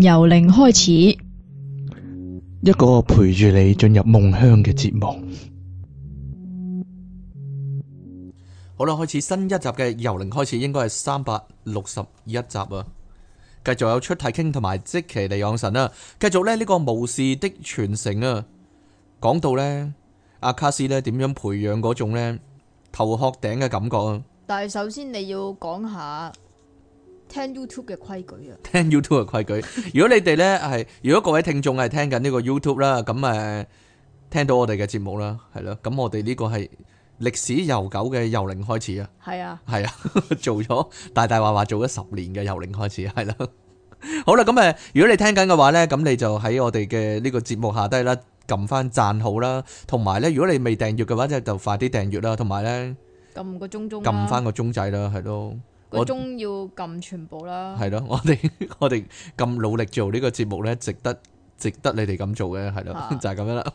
由零開始，一個陪住你進入夢鄉嘅節目。好啦，開始新一集嘅由零開始，應該係三百六十一集啊！繼續有出體傾同埋即期嚟養神啊，繼續咧，呢、呢個巫士的傳承啊，講到呢阿卡斯呢點樣培養嗰種呢頭殼頂嘅感覺啊！但係首先你要講下。聽 YouTube 嘅規矩啊！聽 YouTube 嘅規矩， 如果你哋呢，係，如果各位聽眾係聽緊呢個 YouTube 啦，咁、啊、誒聽到我哋嘅節目啦，係咯，咁我哋呢個係歷史悠久嘅由零開始啊！係啊，係啊，做咗大大話話做咗十年嘅由零開始，係啦的，是的 好啦，咁、啊、誒，如果你聽緊嘅話呢，咁你就喺我哋嘅呢個節目下低啦，撳翻讚好啦，同埋呢，如果你未訂閱嘅話，就快啲訂閱啦，同埋呢，撳個鐘鐘撳翻個鐘仔啦，係咯。個鐘要撳全部啦，係咯，我哋我哋咁努力做呢個節目咧，值得值得你哋咁做嘅，係咯，就係咁樣啦。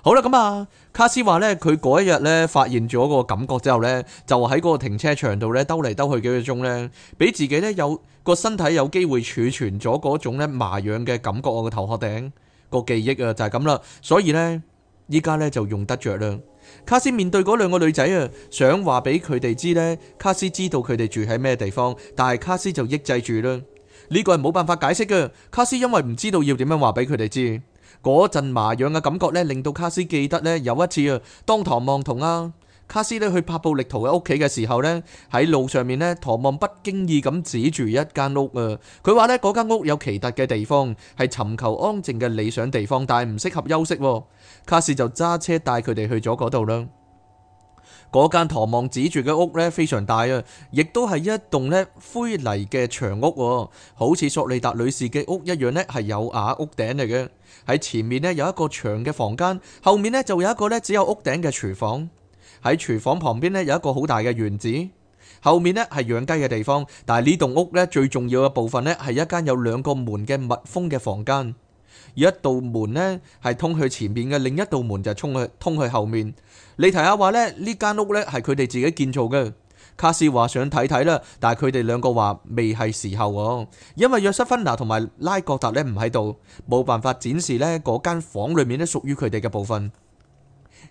好啦，咁啊，卡斯話咧，佢嗰一日咧發現咗個感覺之後咧，就喺嗰個停車場度咧兜嚟兜去幾個鐘咧，俾自己咧有個身體有機會儲存咗嗰種咧麻癢嘅感覺啊，我個頭殼頂個記憶啊，就係咁啦，所以咧依家咧就用得着啦。卡斯面對嗰兩個女仔啊，想話俾佢哋知呢。卡斯知道佢哋住喺咩地方，但係卡斯就抑制住啦。呢、這個係冇辦法解釋嘅。卡斯因為唔知道要點樣話俾佢哋知，嗰陣麻癢嘅感覺呢，令到卡斯記得呢有一次啊，當唐望同阿、啊。卡斯呢去拍布力圖嘅屋企嘅時候呢，喺路上面呢，唐望不經意咁指住一間屋啊。佢話呢，嗰間屋有奇特嘅地方，係尋求安靜嘅理想地方，但係唔適合休息。卡斯就揸車帶佢哋去咗嗰度啦。嗰間唐望指住嘅屋呢，非常大啊，亦都係一棟呢灰泥嘅長屋，好似索利達女士嘅屋一樣呢，係有瓦屋頂嚟嘅。喺前面呢，有一個長嘅房間，後面呢，就有一個呢只有屋頂嘅廚房。喺廚房旁邊咧有一個好大嘅院子，後面咧係養雞嘅地方。但係呢棟屋咧最重要嘅部分咧係一間有兩個門嘅密封嘅房間，一道門咧係通去前面嘅，另一道門就通去通去後面。李提阿話咧呢間屋咧係佢哋自己建造嘅。卡斯話想睇睇啦，但係佢哋兩個話未係時候，因為約瑟芬娜同埋拉各達咧唔喺度，冇辦法展示咧嗰間房裏面咧屬於佢哋嘅部分。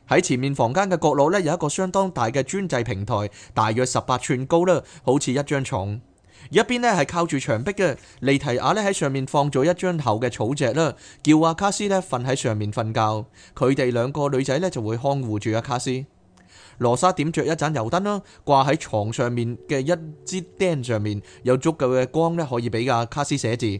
喺前面房間嘅角落呢，有一個相當大嘅專製平台，大約十八寸高啦，好似一張床。一邊呢係靠住牆壁嘅，利提亞呢喺上面放咗一張厚嘅草席啦，叫阿卡斯呢瞓喺上面瞓覺。佢哋兩個女仔呢就會看護住阿卡斯。羅莎點着一盞油燈啦，掛喺床上面嘅一支釘上面，有足夠嘅光呢可以俾阿卡斯寫字。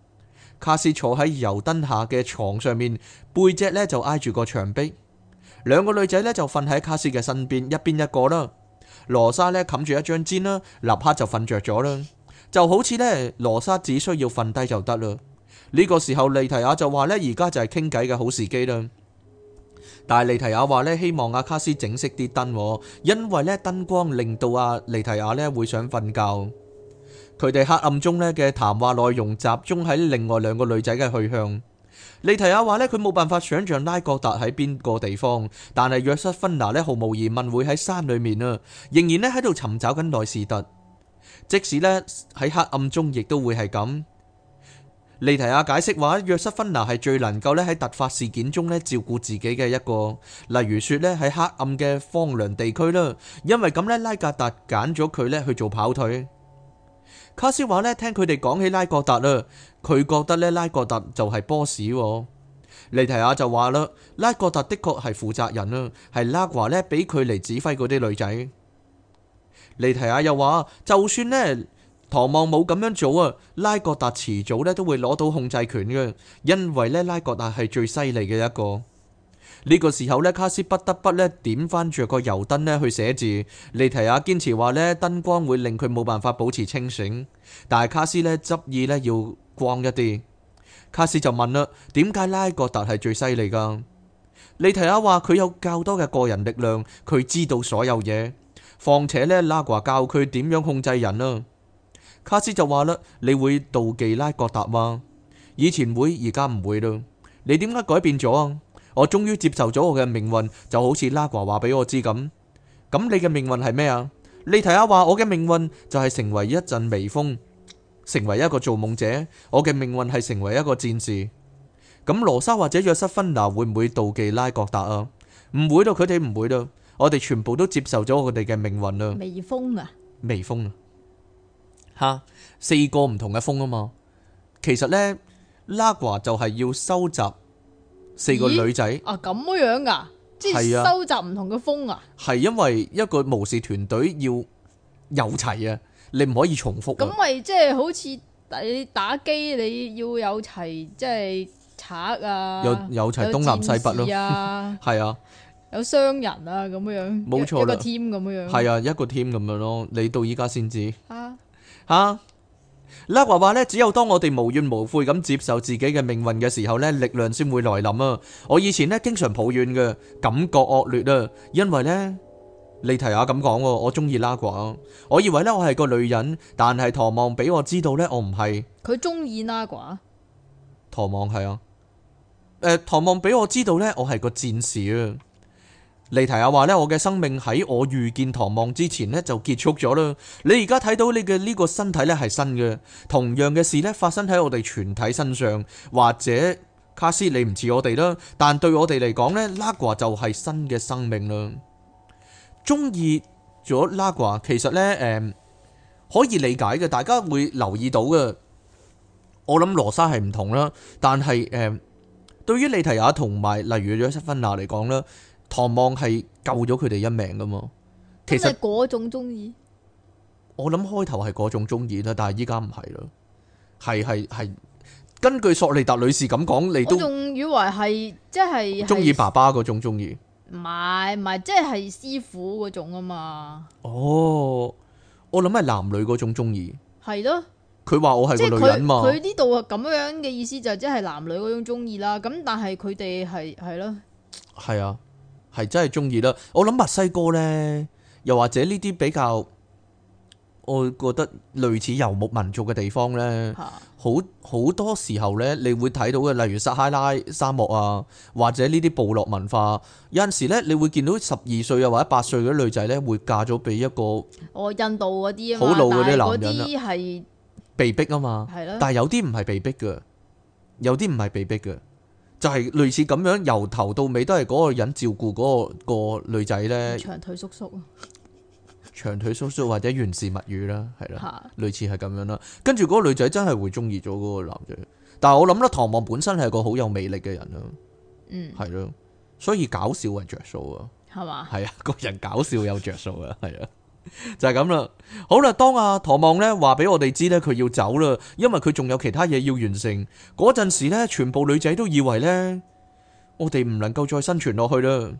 卡斯坐喺油燈下嘅床上面，背脊呢就挨住個牆壁。兩個女仔呢就瞓喺卡斯嘅身邊，一邊一個啦。羅莎呢冚住一張氈啦，立刻就瞓着咗啦。就好似呢，羅莎只需要瞓低就得啦。呢個時候，利提亞就話呢，而家就係傾偈嘅好時機啦。但係利提亞話呢，希望阿卡斯整熄啲燈，因為呢燈光令到阿利提亞呢會想瞓覺。佢哋黑暗中咧嘅談話內容集中喺另外兩個女仔嘅去向。利提亞話咧，佢冇辦法想象拉格達喺邊個地方，但係約瑟芬娜呢，毫無疑問會喺山裏面啊，仍然咧喺度尋找緊奈斯特。即使咧喺黑暗中，亦都會係咁。利提亞解釋話，約瑟芬娜係最能夠咧喺突發事件中咧照顧自己嘅一個，例如說咧喺黑暗嘅荒涼地區啦，因為咁咧拉格達揀咗佢咧去做跑腿。卡斯話咧，聽佢哋講起拉國達啦，佢覺得呢拉國達就係 boss。莉提亞就話啦，拉國達的確係負責人啦，係拉華咧俾佢嚟指揮嗰啲女仔。利提亞又話，就算呢唐望冇咁樣做啊，拉國達遲早咧都會攞到控制權嘅，因為呢拉國達係最犀利嘅一個。呢個時候呢，卡斯不得不呢點返住個油燈呢去寫字。利提亞堅持話呢燈光會令佢冇辦法保持清醒，但係卡斯呢執意呢要光一啲。卡斯就問啦：點解拉葛達係最犀利噶？利提亞話佢有較多嘅個人力量，佢知道所有嘢。況且呢，拉華教佢點樣控制人啊？卡斯就話啦：你會妒忌拉葛達嗎？以前會，而家唔會啦。你點解改變咗啊？我終於接受咗我嘅命運，就好似拉瓜話俾我知咁。咁你嘅命運係咩啊？你睇下話，我嘅命運就係成為一陣微風，成為一個造夢者。我嘅命運係成為一個戰士。咁羅莎或者約瑟芬娜會唔會妒忌拉各達啊？唔會到，佢哋唔會到。我哋全部都接受咗我哋嘅命運啦。微風啊，微風啊，吓哈，四個唔同嘅風啊嘛。其實呢，拉瓜就係要收集，四個女仔啊咁樣噶、啊，即係收集唔同嘅風啊！係因為一個巫士團隊要有齊啊，你唔可以重複。咁咪即係好似你打機你要有齊，即係賊啊，有有齊東南西北咯。係啊， 啊有商人啊咁樣，冇錯，一個 team 咁樣。係啊，一個 team 咁樣咯，你到依家先知啊，吓哈！拉寡話咧，只有當我哋無怨無悔咁接受自己嘅命運嘅時候呢，力量先會來臨啊！我以前呢，經常抱怨嘅，感覺惡劣啊！因為呢，你提下咁講，我中意拉寡，我以為呢，我係個女人，但係唐望俾我知道呢，我唔係。佢中意拉寡，唐望係啊，誒，唐望俾我知道呢，我係個戰士啊！利提亞話咧，我嘅生命喺我遇見唐望之前呢就結束咗啦。你而家睇到你嘅呢個身體呢係新嘅，同樣嘅事呢發生喺我哋全體身上。或者卡斯，你唔似我哋啦，但對我哋嚟講咧，拉瓜就係新嘅生命啦。中意咗拉瓜，其實呢，誒、呃，可以理解嘅，大家會留意到嘅。我諗羅莎係唔同啦，但係誒、呃，對於利提亞同埋例如約瑟芬娜嚟講啦。唐望係救咗佢哋一命噶嘛？其實嗰種中意，我諗開頭係嗰種中意啦，但係依家唔係咯，係係係根據索利達女士咁講，你都仲以為係即係中意爸爸嗰種中意，唔係唔係即係師傅嗰種啊嘛？哦，我諗係男女嗰種中意，係咯的。佢話我係個女人嘛？佢呢度咁樣嘅意思就即係男女嗰種中意啦。咁但係佢哋係係咯，係啊。係真係中意啦！我諗墨西哥呢，又或者呢啲比較，我覺得類似游牧民族嘅地方呢，啊、好好多時候呢，你會睇到嘅，例如撒哈拉沙漠啊，或者呢啲部落文化，有陣時呢，你會見到十二歲啊，或者八歲嗰啲女仔呢，會嫁咗俾一個，印度嗰啲好老嗰啲男人啦，係被逼啊嘛，係咯的，但係有啲唔係被逼嘅，有啲唔係被逼嘅。就係類似咁樣，由頭到尾都係嗰個人照顧嗰、嗰個嗰個女仔咧。長腿叔叔啊， 長腿叔叔或者源氏物語啦，係啦，的類似係咁樣啦。跟住嗰個女仔真係會中意咗嗰個男仔，但係我諗咧，唐望本身係個好有魅力嘅人咯，嗯，係咯，所以搞笑係着數啊，係嘛吧？係啊，個人搞笑有着數啊，係啊。 就係咁啦，好啦，當阿、啊、唐望呢話俾我哋知呢，佢要走啦，因為佢仲有其他嘢要完成。嗰陣時呢，全部女仔都以為呢，我哋唔能夠再生存落去啦。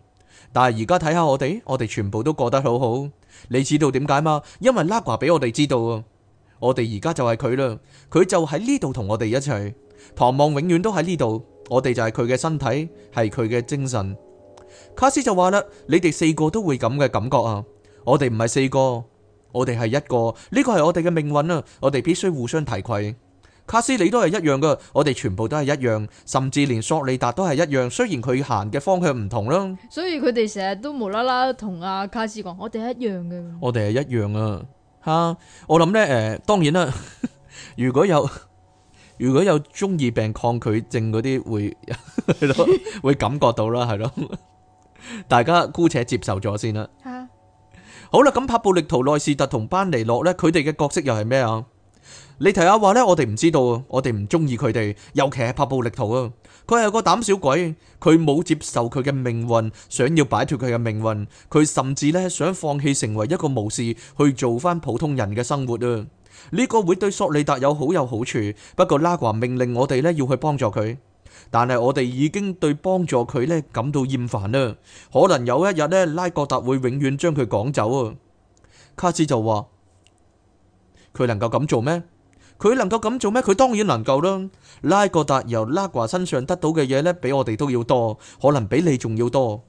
但係而家睇下我哋，我哋全部都過得好好。你知道點解嗎？因為拉華俾我哋知道啊，我哋而家就係佢啦，佢就喺呢度同我哋一齊。唐望永遠都喺呢度，我哋就係佢嘅身體，係佢嘅精神。卡斯就話啦，你哋四個都會咁嘅感覺啊。我哋唔係四個，我哋係一個。呢個係我哋嘅命運啊！我哋必須互相提携。卡斯，你都係一樣噶，我哋全部都係一樣，甚至連索利達都係一樣。雖然佢行嘅方向唔同咯。所以佢哋成日都無啦啦同阿卡斯講，我哋一樣嘅、啊。我哋係一樣啊！吓，我諗呢。誒、呃，當然啦， 如果有，如果有中二病抗拒症嗰啲，會 會感覺到啦，係咯，大家姑且接受咗先啦。 好啦，咁帕布力圖、內士特同班尼洛呢，佢哋嘅角色又係咩啊？你提下話呢，我哋唔知道，我哋唔中意佢哋，尤其係帕布力圖啊，佢係個膽小鬼，佢冇接受佢嘅命運，想要擺脫佢嘅命運，佢甚至呢想放棄成為一個巫士，去做翻普通人嘅生活啊！呢個會對索利達有好有好處，不過拉瓜命令我哋呢要去幫助佢。但係我哋已經對幫助佢呢感到厭煩啦，可能有一日呢，拉格達會永遠將佢趕走啊。卡斯就話：佢能夠咁做咩？佢能夠咁做咩？佢當然能夠啦。拉格達由拉瓜身上得到嘅嘢呢，比我哋都要多，可能比你仲要多。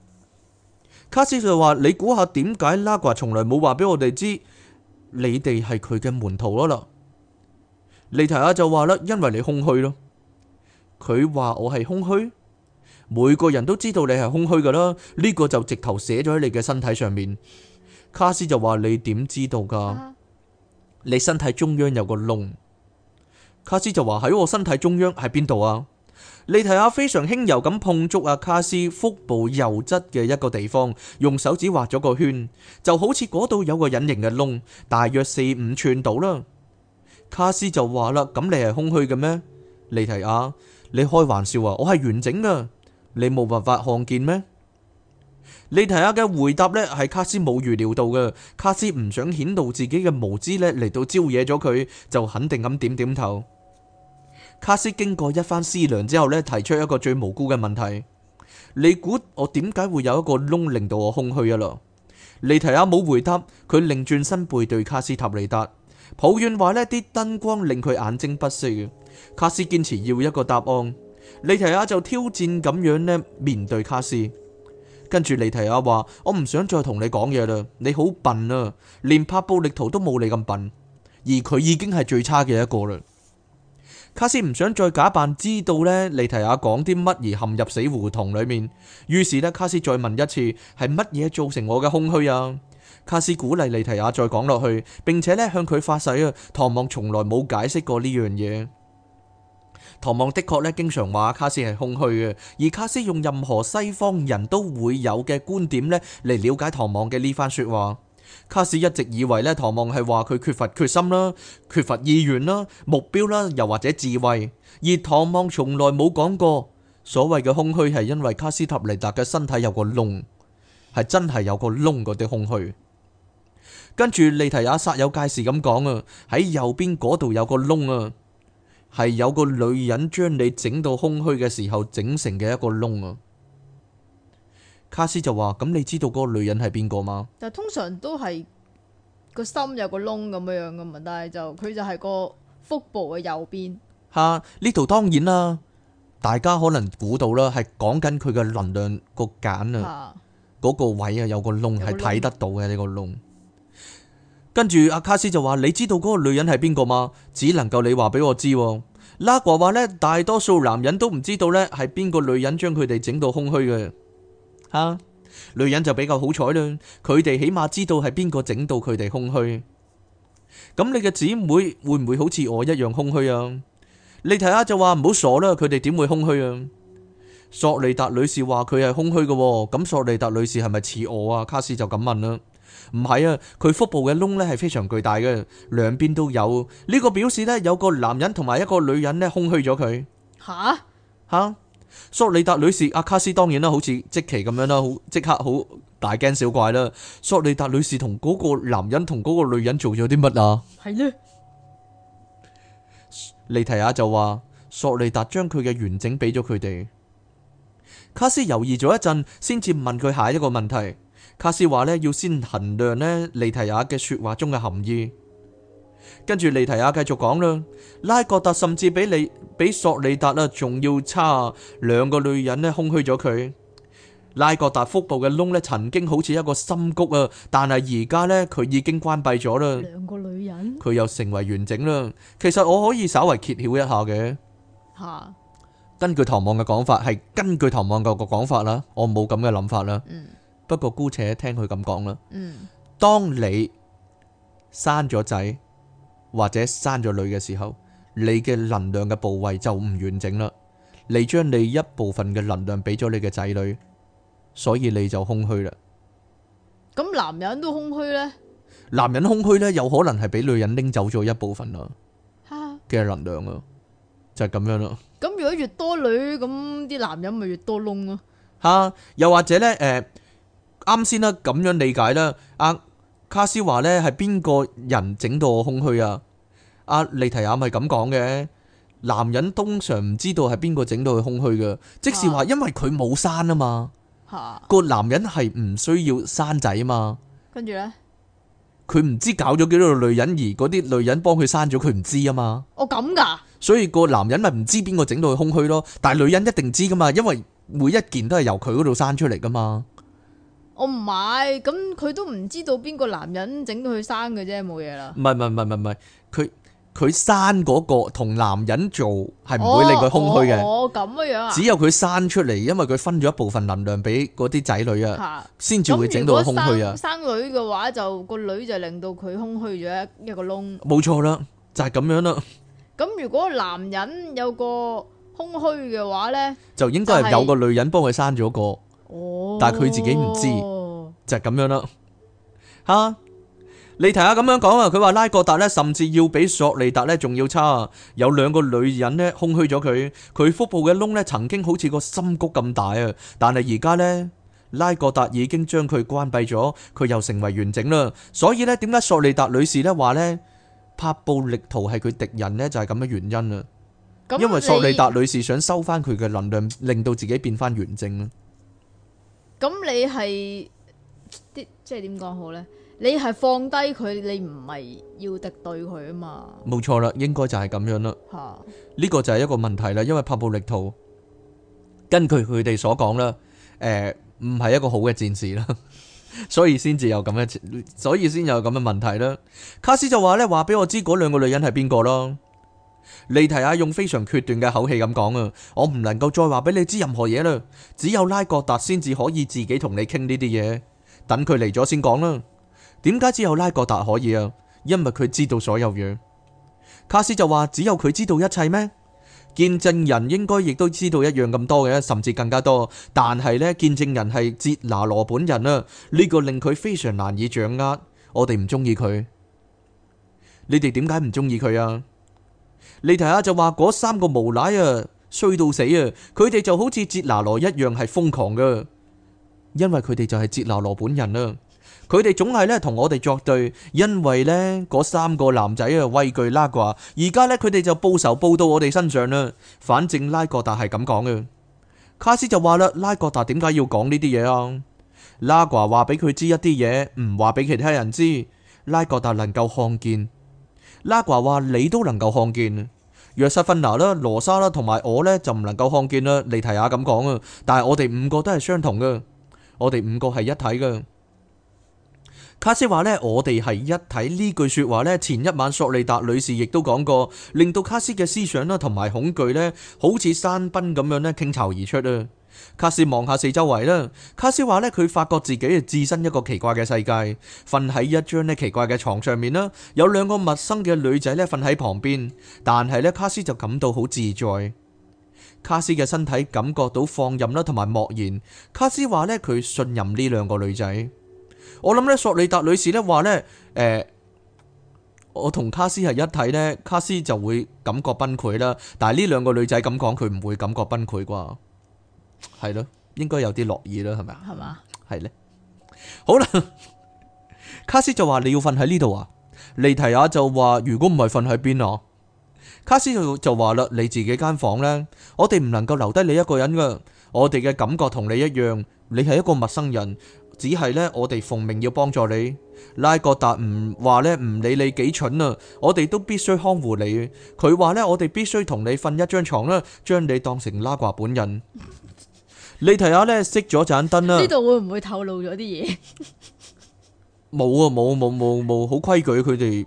卡斯就話：你估下點解拉瓜從來冇話俾我哋知你哋係佢嘅門徒咯啦。利提亞就話啦，因為你空虛咯。佢話我係空虛，每個人都知道你係空虛噶啦。呢、這個就直頭寫咗喺你嘅身體上面。卡斯就話，你點知道噶？你身體中央有個窿。卡斯就話，喺我身體中央係邊度啊？利提亞非常輕柔咁碰觸阿、啊、卡斯腹部右側嘅一個地方，用手指畫咗個圈，就好似嗰度有個隱形嘅窿，大約四五寸到啦。卡斯就話啦，咁你係空虛嘅咩？利提亞。你開玩笑啊！我係完整噶，你冇辦法看見咩？利提亞嘅回答呢係卡斯冇預料到嘅。卡斯唔想顯露自己嘅無知呢，嚟到招惹咗佢，就肯定咁點點頭。卡斯經過一番思量之後呢，提出一個最無辜嘅問題：你估我點解會有一個窿令到我空虛啊？咯？利提亞冇回答，佢擰轉身背對卡斯塔尼達。抱怨話呢啲燈光令佢眼睛不適嘅，卡斯堅持要一個答案。莉提亞就挑戰咁樣呢，面對卡斯，跟住莉提亞話：我唔想再同你講嘢啦，你好笨啊，連拍暴力圖都冇你咁笨。而佢已經係最差嘅一個啦。卡斯唔想再假扮知道呢莉提亞講啲乜而陷入死胡同裏面，於是呢，卡斯再問一次：係乜嘢造成我嘅空虛啊？卡斯鼓勵利提亞再講落去，並且咧向佢發誓啊。唐望從來冇解釋過呢樣嘢。唐望的確咧經常話卡斯係空虛嘅，而卡斯用任何西方人都會有嘅觀點咧嚟了解唐望嘅呢番說話。卡斯一直以為咧唐望係話佢缺乏決心啦、缺乏意願啦、目標啦，又或者智慧，而唐望從來冇講過所謂嘅空虛係因為卡斯塔尼達嘅身體有個窿，係真係有個窿嗰啲空虛。跟住利提亞煞有介事咁講啊，喺右邊嗰度有個窿啊，係有個女人將你整到空虛嘅時候整成嘅一個窿啊。卡斯就話：咁你知道嗰個女人係邊個嗎？但通常都係個心有個窿咁樣樣噶嘛，但係就佢就係個腹部嘅右邊。吓，啊，呢度當然啦，啊，大家可能估到啦，係講緊佢嘅能量個繭啊，嗰，啊，個位啊有個窿係睇得到嘅，呢個窿。跟住阿卡斯就話：你知道嗰個女人係邊個嗎？只能夠你話俾我知。拉華話呢，大多數男人都唔知道呢係邊個女人將佢哋整到空虛嘅。吓，女人就比較好彩啦，佢哋起碼知道係邊個整到佢哋空虛。咁你嘅姊妹會唔會好似我一樣空虛啊？你睇下就話唔好傻啦，佢哋點會空虛啊？索利達女士話佢係空虛嘅，咁索利達女士係咪似我啊？卡斯就咁問啦。唔係啊，佢腹部嘅窿呢係非常巨大嘅，兩邊都有呢、這個表示呢，有個男人同埋一個女人呢空虛咗佢。吓吓哈、啊，索利達女士阿、啊、卡斯當然啦，好似即期咁樣啦，好即刻好大驚小怪啦。索利達女士同嗰個男人同嗰個女人做咗啲乜啊？係咧的，利提亞就話索利達將佢嘅完整俾咗佢哋。卡斯猶豫咗一陣，先至問佢下一個問題。卡斯話呢，要先衡量呢，利提亞嘅說話中嘅含義，跟住利提亞繼續講啦。拉格達甚至比利比索利達啦仲要差，兩個女人呢，空虛咗佢。拉格達腹部嘅窿呢，曾經好似一個深谷啊，但係而家呢，佢已經關閉咗啦。兩個女人，佢又成為完整啦。其實我可以稍微揭曉一下嘅吓，根據唐望嘅講法，係根據唐望個個講法啦，我冇咁嘅諗法啦。不過姑且聽佢咁講啦。嗯，當你生咗仔或者生咗女嘅時候，你嘅能量嘅部位就唔完整啦。你將你一部分嘅能量俾咗你嘅仔女，所以你就空虛啦。咁男人都空虛呢？男人空虛呢，有可能係俾女人拎走咗一部分啊，嘅能量啊，就係咁樣咯。咁如果越多女，咁啲男人咪越多窿咯。吓，又或者呢，誒。啱先啦，咁樣理解啦。阿卡斯話呢係邊個人整到我空虛啊？阿利提亞咪咁講嘅。男人通常唔知道係邊個整到佢空虛嘅，啊、即使話因為佢冇生啊嘛，個男人係唔需要生仔啊嘛。跟住呢，佢唔知搞咗幾多個女人，而嗰啲女人幫佢生咗，佢唔知啊嘛。哦，咁噶。所以個男人咪唔知邊個整到佢空虛咯。但係女人一定知噶嘛，因為每一件都係由佢嗰度生出嚟噶嘛。我唔買，咁佢都唔知道邊個男人整到佢生嘅啫，冇嘢啦。唔係唔係唔係唔係，佢佢生嗰個同男人做係唔會令佢空虛嘅。哦。哦，咁嘅樣啊！只有佢生出嚟，因為佢分咗一部分能量俾嗰啲仔女啊，先至的會整到佢空虛啊。生女嘅話就、個女就令到佢空虛咗一一個窿。冇錯啦，就係、是、咁樣啦。咁如果男人有個空虛嘅話咧，就應該係有個女人幫佢生咗個。哦，但係佢自己唔知就係咁樣啦吓。你睇下咁樣講啊，佢話拉各達咧，甚至要比索利達咧仲要差。有兩個女人咧空虛咗佢，佢腹部嘅窿咧曾經好似個心谷咁大啊。但係而家咧，拉各達已經將佢關閉咗，佢又成為完整啦。所以咧，點解索利達女士咧話咧拍布力圖係佢敵人咧，就係咁嘅原因啊？因為索利達女士想收翻佢嘅能量，令到自己變翻完整啦。咁你係即係點講好呢？你係放低佢，你唔係要敵對佢啊嘛？冇錯啦，應該就係咁樣啦。吓、啊，呢個就係一個問題啦，因為帕布力圖根據佢哋所講啦，誒、呃，唔係一個好嘅戰士啦， 所以先至有咁嘅，所以先有咁嘅問題啦。卡斯就話呢，話俾我知嗰兩個女人係邊個咯。利提亞用非常決斷嘅口氣咁講，啊，我唔能夠再話俾你知任何嘢啦，只有拉各達先至可以自己同你傾呢啲嘢，等佢嚟咗先講啦。點解只有拉各達可以啊？因為佢知道所有嘢。卡斯就話只有佢知道一切咩？見證人應該亦都知道一樣咁多嘅，甚至更加多。但係呢，見證人係捷拿羅本人啊，呢個令佢非常難以掌握。我哋唔中意佢。你哋點解唔中意佢啊？你睇下，就話：嗰三個無賴啊，衰到死啊！佢哋就好似哲拿羅一樣係瘋狂噶，因為佢哋就係哲拿羅本人啦、啊。佢哋總係咧同我哋作對，因為呢嗰三個男仔啊畏懼拉呱。而家呢，佢哋就報仇報到我哋身上啦。反正拉各達係咁講嘅。卡斯就話啦：拉各達點解要講呢啲嘢啊？拉呱話俾佢知一啲嘢，唔話俾其他人知。拉各達能夠看見。拉華話你都能夠看見，約瑟芬娜啦、羅莎啦同埋我呢，就唔能夠看見啦。尼提亞咁講啊，但係我哋五個都係相同嘅，我哋五個係一體嘅。卡斯話呢，我哋係一體呢句說話呢，前一晚索利達女士亦都講過，令到卡斯嘅思想啦同埋恐懼呢，好似山崩咁樣呢傾巢而出啊！卡斯望下四周圍啦。卡斯話咧，佢發覺自己啊，置身一個奇怪嘅世界，瞓喺一張咧奇怪嘅床上面啦。有兩個陌生嘅女仔咧瞓喺旁邊，但係咧卡斯就感到好自在。卡斯嘅身體感覺到放任啦，同埋莫言。卡斯話咧，佢信任呢兩個女仔。我諗咧，索里達女士咧話咧，誒、呃，我同卡斯係一體咧，卡斯就會感覺崩潰啦。但係呢兩個女仔咁講，佢唔會感覺崩潰啩。係咯，應該有啲樂意啦，係咪啊？係嘛吧，係咧。好啦，卡斯就話你要瞓喺呢度啊。利提亞就話如果唔係瞓喺邊啊。卡斯就就話啦，你自己間房呢，我哋唔能夠留低你一個人噶。我哋嘅感覺同你一樣，你係一個陌生人，只係呢，我哋奉命要幫助你。拉各達唔話呢，唔理你幾蠢啊，我哋都必須看護你。佢話呢，我哋必須同你瞓一張床啦，將你當成拉掛本人。你睇下咧，熄咗盞燈啦。呢度會唔會透露咗啲嘢？冇啊，冇，冇，冇，冇，好規矩，佢哋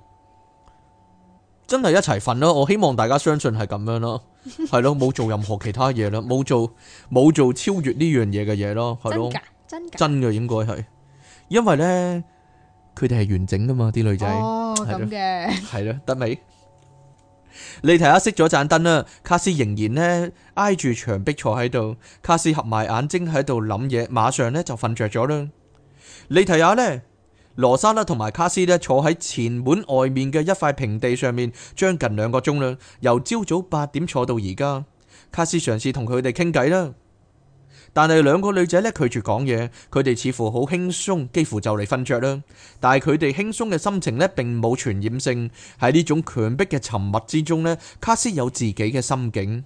真係一齊瞓咯。我希望大家相信係咁樣咯，係咯，冇做任何其他嘢啦，冇做冇做超越呢樣嘢嘅嘢咯，係咯，真噶真真嘅應該係，因為咧佢哋係完整噶嘛啲女仔，哦，咁嘅，係咯，得未？李提亞熄咗盞燈啦，卡斯仍然呢捱住牆壁坐喺度，卡斯合埋眼睛喺度諗嘢，馬上呢就瞓着咗啦。李提亞呢，羅莎呢同埋卡斯呢坐喺前門外面嘅一塊平地上面，將近兩個鐘啦，由朝早八點坐到而家，卡斯嘗試同佢哋傾偈啦。但係兩個女仔咧，拒絕講嘢，佢哋似乎好輕鬆，幾乎就嚟瞓着啦。但係佢哋輕鬆嘅心情呢，並冇傳染性。喺呢種強迫嘅沉默之中呢，卡斯有自己嘅心境。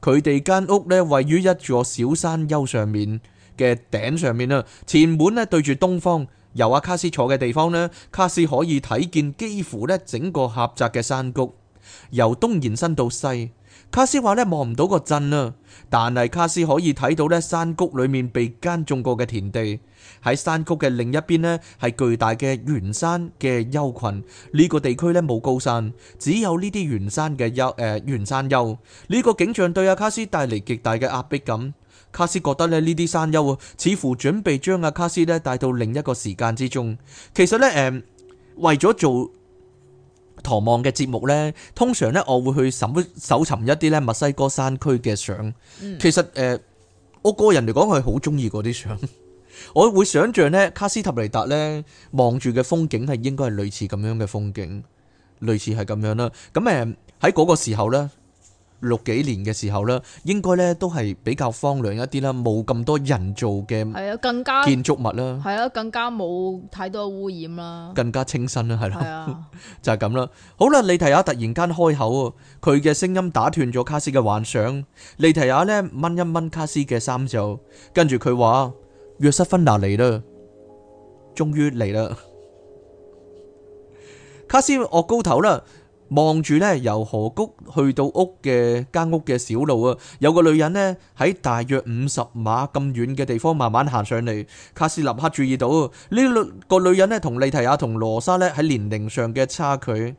佢哋間屋呢，位於一座小山丘上面嘅頂上面啦，前門咧對住東方。由阿卡斯坐嘅地方呢，卡斯可以睇見幾乎呢整個狹窄嘅山谷，由東延伸到西。卡斯話咧望唔到個鎮啦，但係卡斯可以睇到咧山谷裏面被耕種過嘅田地。喺山谷嘅另一邊呢，係巨大嘅圓山嘅丘群。呢、呢個地區呢，冇高山，只有呢啲圓山嘅丘，誒圓山丘。呢、呢個景象對阿卡斯帶嚟極大嘅壓迫感。卡斯覺得咧呢啲山丘啊，似乎準備將阿卡斯呢帶到另一個時間之中。其實呢，誒、呃、為咗做。唐望嘅節目呢，通常呢，我會去什搜尋一啲咧墨西哥山區嘅相。嗯、其實誒，我個人嚟講，我係好中意嗰啲相。 我會想象呢，卡斯塔尼達呢望住嘅風景係應該係類似咁樣嘅風景，類似係咁樣啦。咁誒喺嗰個時候呢。六幾年嘅時候咧，應該咧都係比較荒涼一啲啦，冇咁多人造嘅係啊，更加建築物啦，係啊，更加冇太多污染啦，更加清新啦，係咯，就係咁啦。好啦，利提亞突然間開口啊，佢嘅聲音打斷咗卡斯嘅幻想。利提亞咧，掹一掹卡斯嘅衫袖，跟住佢話：約瑟芬娜嚟啦，終於嚟啦！卡斯岳高頭啦！望住咧，由河谷去到屋嘅間屋嘅小路啊，有個女人咧喺大約五十碼咁遠嘅地方慢慢行上嚟。卡斯立刻注意到呢個女人咧同莉提亞同羅莎咧喺年齡上嘅差距。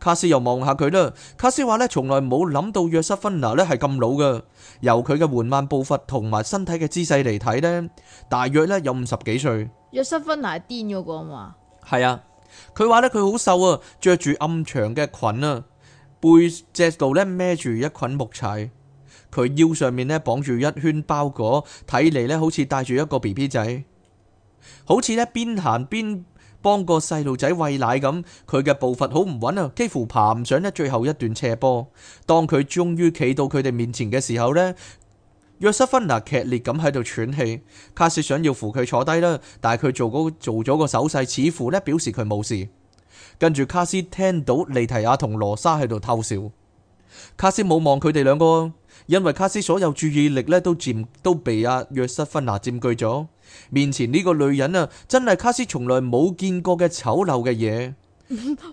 卡斯又望下佢啦，卡斯話咧從來冇諗到約瑟芬娜咧係咁老噶，由佢嘅緩慢步伐同埋身體嘅姿勢嚟睇咧，大約咧有五十幾歲。約瑟芬娜癲咗個啊嘛？係啊。佢話呢，佢好瘦啊，着住暗長嘅裙啊，背脊度呢孭住一捆木柴，佢腰上面呢綁住一圈包裹，睇嚟呢好似帶住一個 BB 仔，好似呢邊行邊幫個細路仔餵奶咁，佢嘅步伐好唔穩啊，幾乎爬唔上呢最後一段斜坡。當佢終於企到佢哋面前嘅時候呢。約瑟芬娜劇烈咁喺度喘氣，卡斯想要扶佢坐低啦，但係佢做做咗個手勢，似乎咧表示佢冇事。跟住卡斯聽到利提亞同羅莎喺度偷笑，卡斯冇望佢哋兩個，因為卡斯所有注意力咧都占都被阿約瑟芬娜占據咗。面前呢個女人啊，真係卡斯從來冇見過嘅醜陋嘅嘢。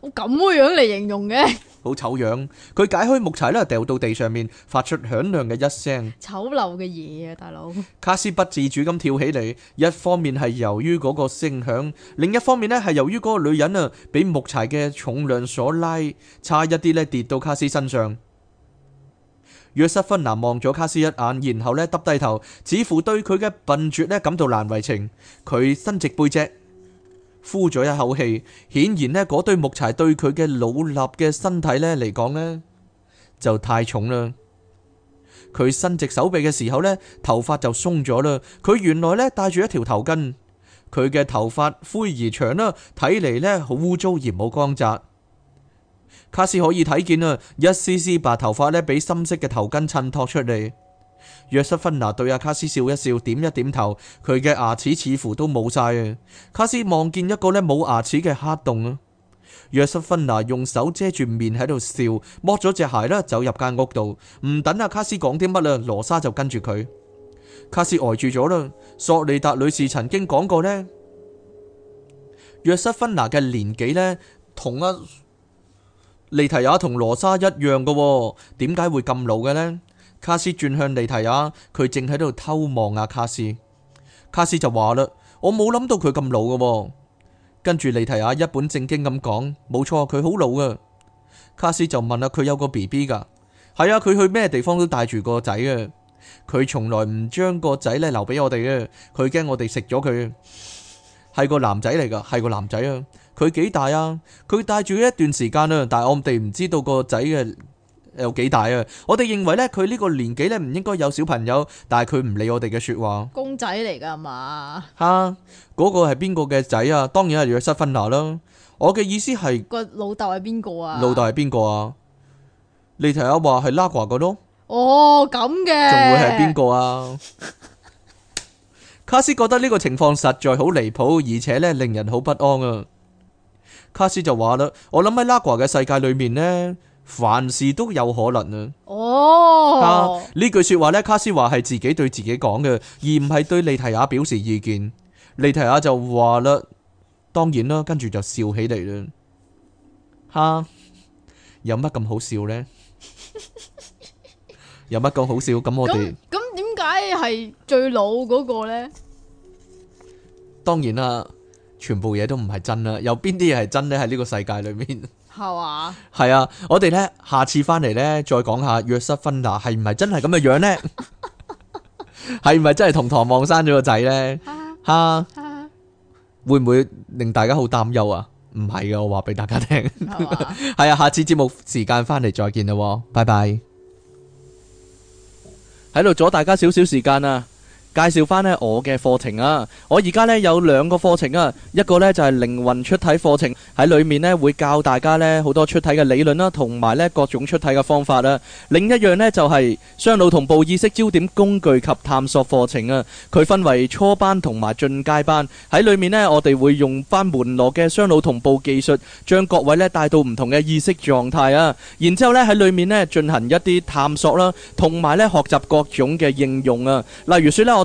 我咁嘅樣嚟形容嘅，好醜樣。佢解開木柴咧，掉到地上面，發出響亮嘅一聲。醜陋嘅嘢啊，大佬！卡斯不自主咁跳起嚟，一方面係由於嗰個聲響，另一方面咧係由於嗰個女人啊，俾木柴嘅重量所拉，差一啲咧跌到卡斯身上。約瑟芬娜望咗卡斯一眼，然後咧耷低頭，似乎對佢嘅笨拙咧感到難為情。佢伸直背脊。呼咗一口氣，顯然呢，嗰堆木柴對佢嘅老立嘅身體呢嚟講呢，就太重啦。佢伸直手臂嘅時候呢，頭髮就鬆咗啦。佢原來呢戴住一條頭巾，佢嘅頭髮灰而長啦，睇嚟呢，好污糟而冇光澤。卡斯可以睇見啊，一絲絲白頭髮呢，俾深色嘅頭巾襯托出嚟。約瑟芬娜對阿卡斯笑一笑，點一點頭，佢嘅牙齒似乎都冇晒啊！卡斯望見一個呢冇牙齒嘅黑洞啊！約瑟芬娜用手遮住面喺度笑，剝咗隻鞋啦，走入間屋度，唔等阿卡斯講啲乜啦，羅莎就跟住佢。卡斯呆住咗啦！索利達女士曾經講過呢：「約瑟芬娜嘅年紀呢，同阿利提亞同羅莎一樣嘅，點解會咁老嘅呢？」卡斯轉向利提亞，佢正喺度偷望阿卡斯，卡斯就話嘞，我冇諗到佢咁老噶。跟住利提亞一本正經咁講：冇錯，佢好老噶。卡斯就問啦：佢有個 B B 噶？係啊，佢去咩地方都帶住個仔啊。佢從來唔將個仔咧留俾我哋啊，佢驚我哋食咗佢。係個男仔嚟噶，係個男仔啊。佢幾大啊？佢帶住一段時間啊，但係我哋唔知道個仔嘅。有幾大啊？我哋認為咧，佢呢個年紀咧唔應該有小朋友，但係佢唔理我哋嘅說話。公仔嚟噶嘛？吓，嗰個係邊個嘅仔啊？當然係約瑟芬娜啦。我嘅意思係個老豆係邊個啊？老豆係邊個啊？你睇下話係拉華嗰咯。哦，咁嘅。仲會係邊個啊？ 卡斯覺得呢個情況實在好離譜，而且咧令人好不安啊！卡斯就話啦，我諗喺拉華嘅世界裏面呢。凡事都有可能、哦、啊！哦，呢句說話呢，卡斯話係自己對自己講嘅，而唔係對利提亞表示意見。利提亞就話啦：當然啦，跟住就笑起嚟啦。吓、啊，有乜咁好笑呢？ 有乜咁好笑？咁我哋咁點解係最老嗰個呢？當然啦，全部嘢都唔係真啦。有邊啲嘢係真呢？喺呢個世界裏面。係嘛？係啊！我哋咧，下次翻嚟咧，再講下約瑟芬娜係唔係真係咁嘅樣，樣呢？係唔係真係同唐望生咗個仔呢？吓， 會唔會令大家好擔憂啊？唔係嘅，我話俾大家聽 吧。係啊，下次節目時間翻嚟再見啦，拜拜！喺度阻大家少少時間啊！介紹翻咧我嘅課程啊！我而家咧有兩個課程啊，一個咧就係靈魂出體課程，喺裏面咧會教大家咧好多出體嘅理論啦，同埋咧各種出體嘅方法啦。另一樣咧就係雙腦同步意識焦點工具及探索課程啊。佢分為初班同埋進階班，喺裏面咧我哋會用翻門羅嘅雙腦同步技術，將各位咧帶到唔同嘅意識狀態啊。然之後咧喺裏面咧進行一啲探索啦，同埋咧學習各種嘅應用啊。例如説咧我。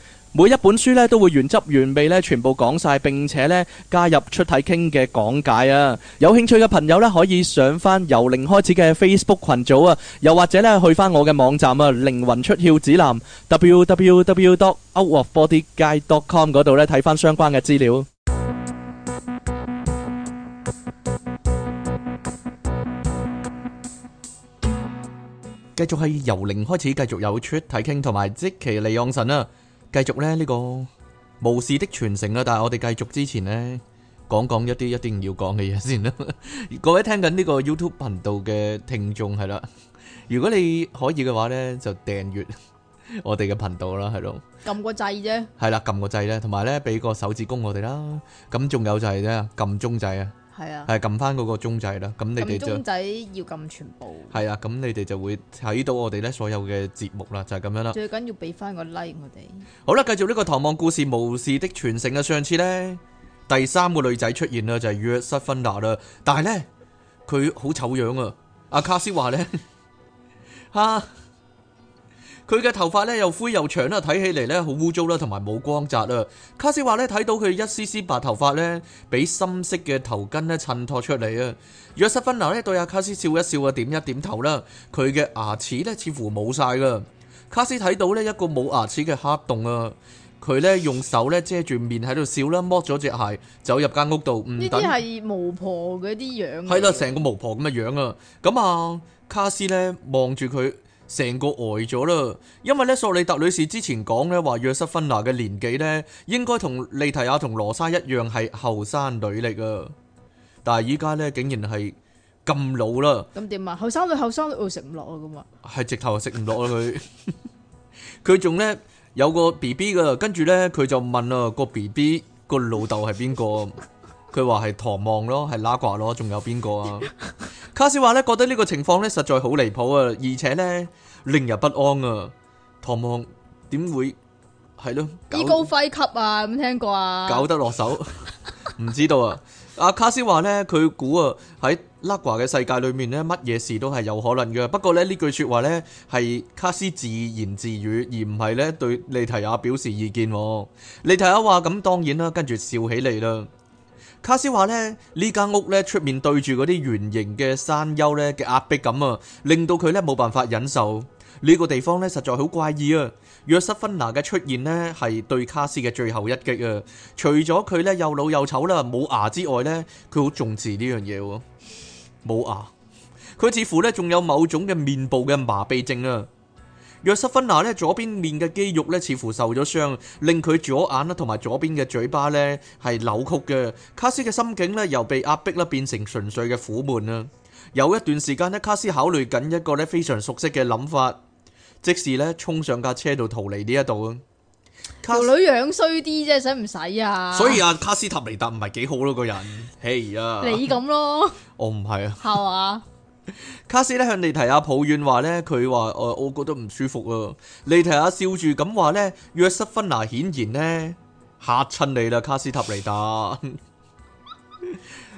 每一本書咧都會原汁原味咧全部講晒，並且咧加入出體傾嘅講解啊！有興趣嘅朋友咧可以上翻由零開始嘅 Facebook 群組啊，又或者咧去翻我嘅網站啊靈魂出竅指南 www.outofbodyguide.com 嗰度咧睇翻相關嘅資料。繼續係由零開始，繼續有出體傾同埋即其利用神啊！繼續咧呢個巫士的傳承啦，但係我哋繼續之前咧，講講一啲一定要講嘅嘢先啦。各位聽緊呢個 YouTube 頻道嘅聽眾係啦，如果你可以嘅話咧，就訂閱我哋嘅頻道啦，係咯。撳個掣啫，係啦，撳個掣咧，同埋咧俾個手指公我哋啦。咁仲有就係咧，撳鐘仔啊！係啊，係撳翻嗰個鐘仔啦，咁你哋就鐘仔要撳全部。係啊，咁你哋就會睇到我哋咧所有嘅節目啦，就係、是、咁樣啦。最緊要俾翻個 like 我哋。好啦，繼續呢、這個《唐望故事》巫士的傳承啊！上次咧，第三個女仔出現啦，就係約瑟芬娜啦，但係咧佢好醜樣啊！阿卡斯話咧，吓、 啊。佢嘅頭髮咧又灰又長啦，睇起嚟咧好污糟啦，同埋冇光澤啊！卡斯話咧睇到佢一絲絲白頭髮咧，俾深色嘅頭巾咧襯托出嚟啊！約瑟芬娜咧對阿卡斯笑一笑啊，點一點頭啦。佢嘅牙齒咧似乎冇晒啦。卡斯睇到咧一個冇牙齒嘅黑洞啊！佢咧用手咧遮住面喺度笑啦，剝咗隻鞋走入間屋度。唔，呢啲係巫婆嗰啲樣。係啦，成個巫婆咁嘅樣啊！咁啊，卡斯咧望住佢。成個呆咗啦，因為咧索利特女士之前講咧話約瑟芬娜嘅年紀咧，應該同莉提亞同羅莎一樣係後生女嚟噶，但係依家咧竟然係咁老啦。咁點啊？ 寶寶後生女後生女會食唔落啊，咁啊？係直頭食唔落啊！佢佢仲咧有個 B B 噶，跟住咧佢就問啦個 B B 個老豆係邊個？佢話係唐望咯，係拉掛咯，仲有邊個啊？ 卡斯話咧覺得呢個情況咧實在好離譜啊，而且咧。令人不安啊！唐望點會係咯？啊、高輝級啊，有冇聽過啊？搞得落手，唔 知道啊！阿卡斯話咧，佢估啊，喺拉瓜嘅世界裏面咧，乜嘢事都係有可能嘅。不過咧呢句說話咧，係卡斯自言自語，而唔係咧對利提亞表示意見。利提亞話咁當然啦，跟住笑起嚟啦。卡斯話呢，呢間屋呢出面對住嗰啲圓形嘅山丘呢嘅壓迫感啊，令到佢呢冇辦法忍受呢、呢個地方呢實在好怪異啊！約瑟芬娜嘅出現呢係對卡斯嘅最後一擊啊！除咗佢呢又老又醜啦，冇牙之外呢，佢好重視呢樣嘢喎，冇牙，佢似乎呢仲有某種嘅面部嘅麻痹症啊！約瑟芬娜咧左邊面嘅肌肉咧似乎受咗傷，令佢左眼啊同埋左邊嘅嘴巴咧係扭曲嘅。卡斯嘅心境咧又被壓迫啦，變成純粹嘅苦悶啊！有一段時間咧，卡斯考慮緊一個咧非常熟悉嘅諗法，即時咧衝上架車度逃離呢一度啊！條女樣衰啲啫，使唔使啊？所以啊，卡斯塔尼達唔係幾好咯、啊，個人。係、hey、啊，你咁咯？我唔係啊。係嘛？卡斯咧向莉提亞抱怨話咧，佢話誒，我覺得唔舒服啊！莉提亞笑住咁話咧，約瑟芬娜顯然咧嚇親你啦，卡斯塔利 尼達。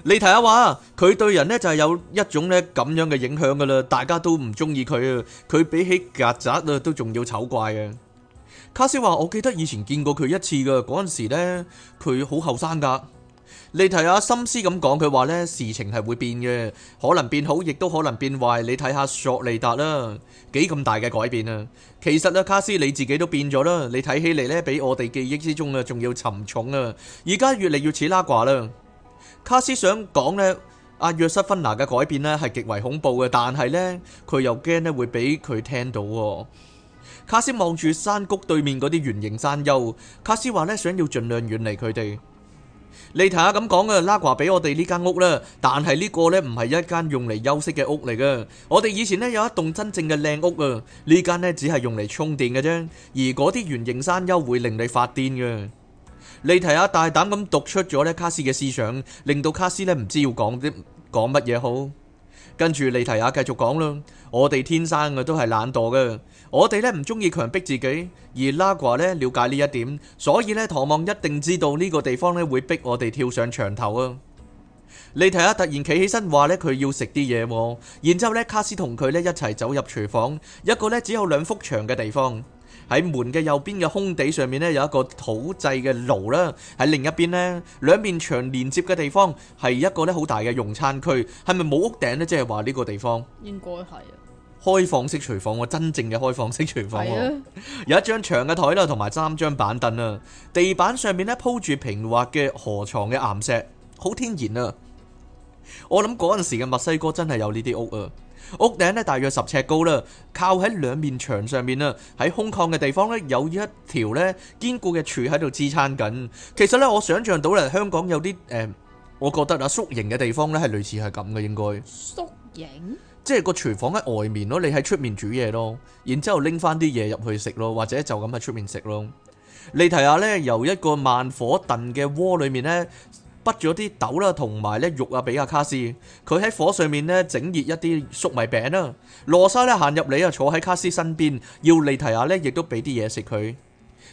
莉提亞話佢對人咧就係有一種咧咁樣嘅影響噶啦，大家都唔中意佢啊，佢比起曱甴啊都仲要醜怪啊！卡斯話我記得以前見過佢一次噶，嗰陣時咧佢好後生噶。你睇下心思咁講，佢話呢事情係會變嘅，可能變好，亦都可能變壞。你睇下索利達啦，幾咁大嘅改變啊！其實呢，卡斯你自己都變咗啦。你睇起嚟呢，比我哋記憶之中啊，仲要沉重啊！而家越嚟越似拉掛啦。卡斯想講呢，阿約瑟芬娜嘅改變呢係極為恐怖嘅，但係呢，佢又驚呢會俾佢聽到。卡斯望住山谷對面嗰啲圓形山丘，卡斯話呢，想要盡量遠離佢哋。利提亞咁講嘅，拉瓜俾我哋呢間屋啦，但係呢個呢，唔係一間用嚟休息嘅屋嚟㗎。我哋以前呢，有一棟真正嘅靚屋啊，呢間呢，只係用嚟充電嘅啫。而嗰啲圓形山丘會令你發癲嘅。利提亞大膽咁讀出咗呢卡斯嘅思想，令到卡斯呢唔知要講啲講乜嘢好。跟住利提亞繼續講啦，我哋天生嘅都係懶惰嘅。我哋呢唔中意強逼自己，而拉瓜呢了解呢一點，所以呢唐望一定知道呢個地方呢會逼我哋跳上牆頭啊！你睇下，突然企起身話呢，佢要食啲嘢，然之後呢卡斯同佢呢一齊走入廚房，一個呢只有兩幅牆嘅地方。喺門嘅右邊嘅空地上面呢有一個土製嘅爐啦，喺另一邊呢，兩面牆連接嘅地方係一個呢好大嘅用餐區，係咪冇屋頂呢？即係話呢個地方應該係啊。開放式廚房喎，真正嘅開放式廚房喎，啊、 有一張長嘅台啦，同埋三張板凳啊，地板上面咧鋪住平滑嘅河床嘅岩石，好天然啊！我諗嗰陣時嘅墨西哥真係有呢啲屋啊。屋頂呢，大約十尺高啦，靠喺兩面牆上面啊。喺空曠嘅地方呢，有一條呢堅固嘅柱喺度支撐緊。其實呢，我想象到呢，香港有啲誒、呃，我覺得啊宿營嘅地方呢，係類似係咁嘅應該宿營。宿營即係個廚房喺外面咯，你喺出面煮嘢咯，然之後拎翻啲嘢入去食咯，或者就咁喺出面食咯。利提亞呢，由一個慢火燉嘅鍋裏面呢，畢住咗啲豆啦同埋呢肉啊，俾阿卡斯，佢喺火上面呢，整熱一啲粟米餅啦。羅莎呢，行入嚟啊，坐喺卡斯身邊，要利提亞呢亦都俾啲嘢食佢。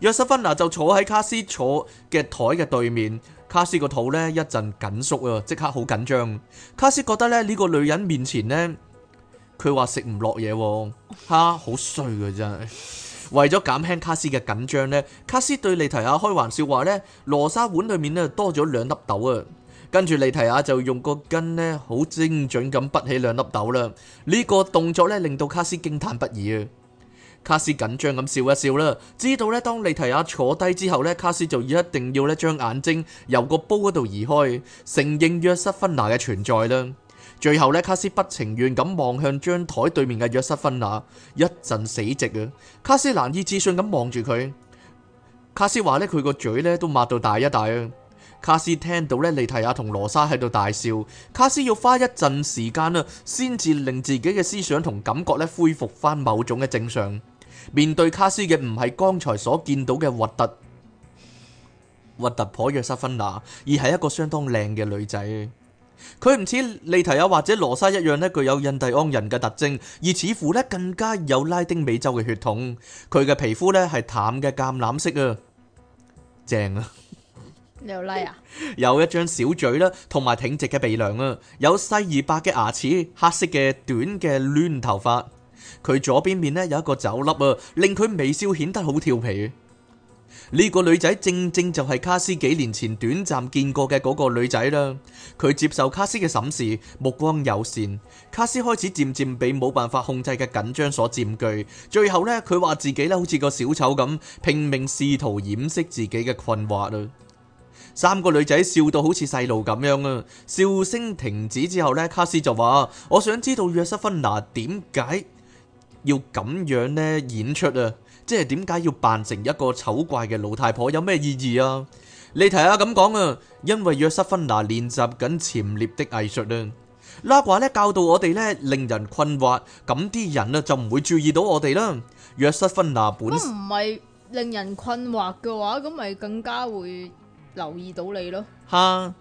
約瑟芬娜就坐喺卡斯坐嘅枱嘅對面，卡斯個肚呢，一陣緊縮啊，即刻好緊張。卡斯覺得咧呢個女人面前呢，佢話食唔落嘢喎，哈，好衰嘅，真係。為咗減輕卡斯嘅緊張呢，卡斯對莉提亞開玩笑話呢，羅莎碗裏面咧多咗兩粒豆啊。跟住莉提亞就用個根呢，好精準咁潷起兩粒豆啦。呢、這個動作呢，令到卡斯驚歎不已啊！卡斯緊張咁笑一笑啦，知道咧，當利提亞坐低之後咧，卡斯就一定要咧將眼睛由個煲嗰度移開，承認約瑟芬娜嘅存在啦。最後咧，卡斯不情願咁望向張台對面嘅約瑟芬娜，一陣死寂啊！卡斯難以置信咁望住佢。卡斯話咧，佢個嘴咧都擘到大一大啊！卡斯聽到咧，利提亞同羅莎喺度大笑，卡斯要花一陣時間啊，先至令自己嘅思想同感覺咧恢復翻某種嘅正常。面對卡斯嘅唔係剛才所見到嘅核突核突婆約瑟芬娜，而係一個相當靚嘅女仔。佢唔似利提亞或者羅莎一樣咧，具有印第安人嘅特徵，而似乎咧更加有拉丁美洲嘅血統。佢嘅皮膚咧係淡嘅橄欖色啊，正啊， 你有拉啊，有一張小嘴啦，同埋挺直嘅鼻梁啊，有細而白嘅牙齒，黑色嘅短嘅攣頭髮。佢左邊面呢有一個酒粒啊，令佢微笑顯得好調皮。呢個女仔正正就係卡斯幾年前短暫見過嘅嗰個女仔啦。佢接受卡斯嘅審視，目光友善。卡斯開始漸漸被冇辦法控制嘅緊張所佔據，最後呢，佢話自己咧好似個小丑咁，拼命試圖掩飾自己嘅困惑啊，三個女仔笑到好似細路咁樣啊！笑聲停止之後呢，卡斯就話：我想知道約瑟芬娜點解，要咁樣咧演出啊，即係點解要扮成一個醜怪嘅老太婆，有咩意義啊？你提下咁講啊，因為約瑟芬娜練習緊潛獵的藝術啊，拉華咧教導我哋咧令人困惑，咁啲人啊就唔會注意到我哋啦。約瑟芬娜本身唔係令人困惑嘅話，咁咪更加會留意到你咯。吓，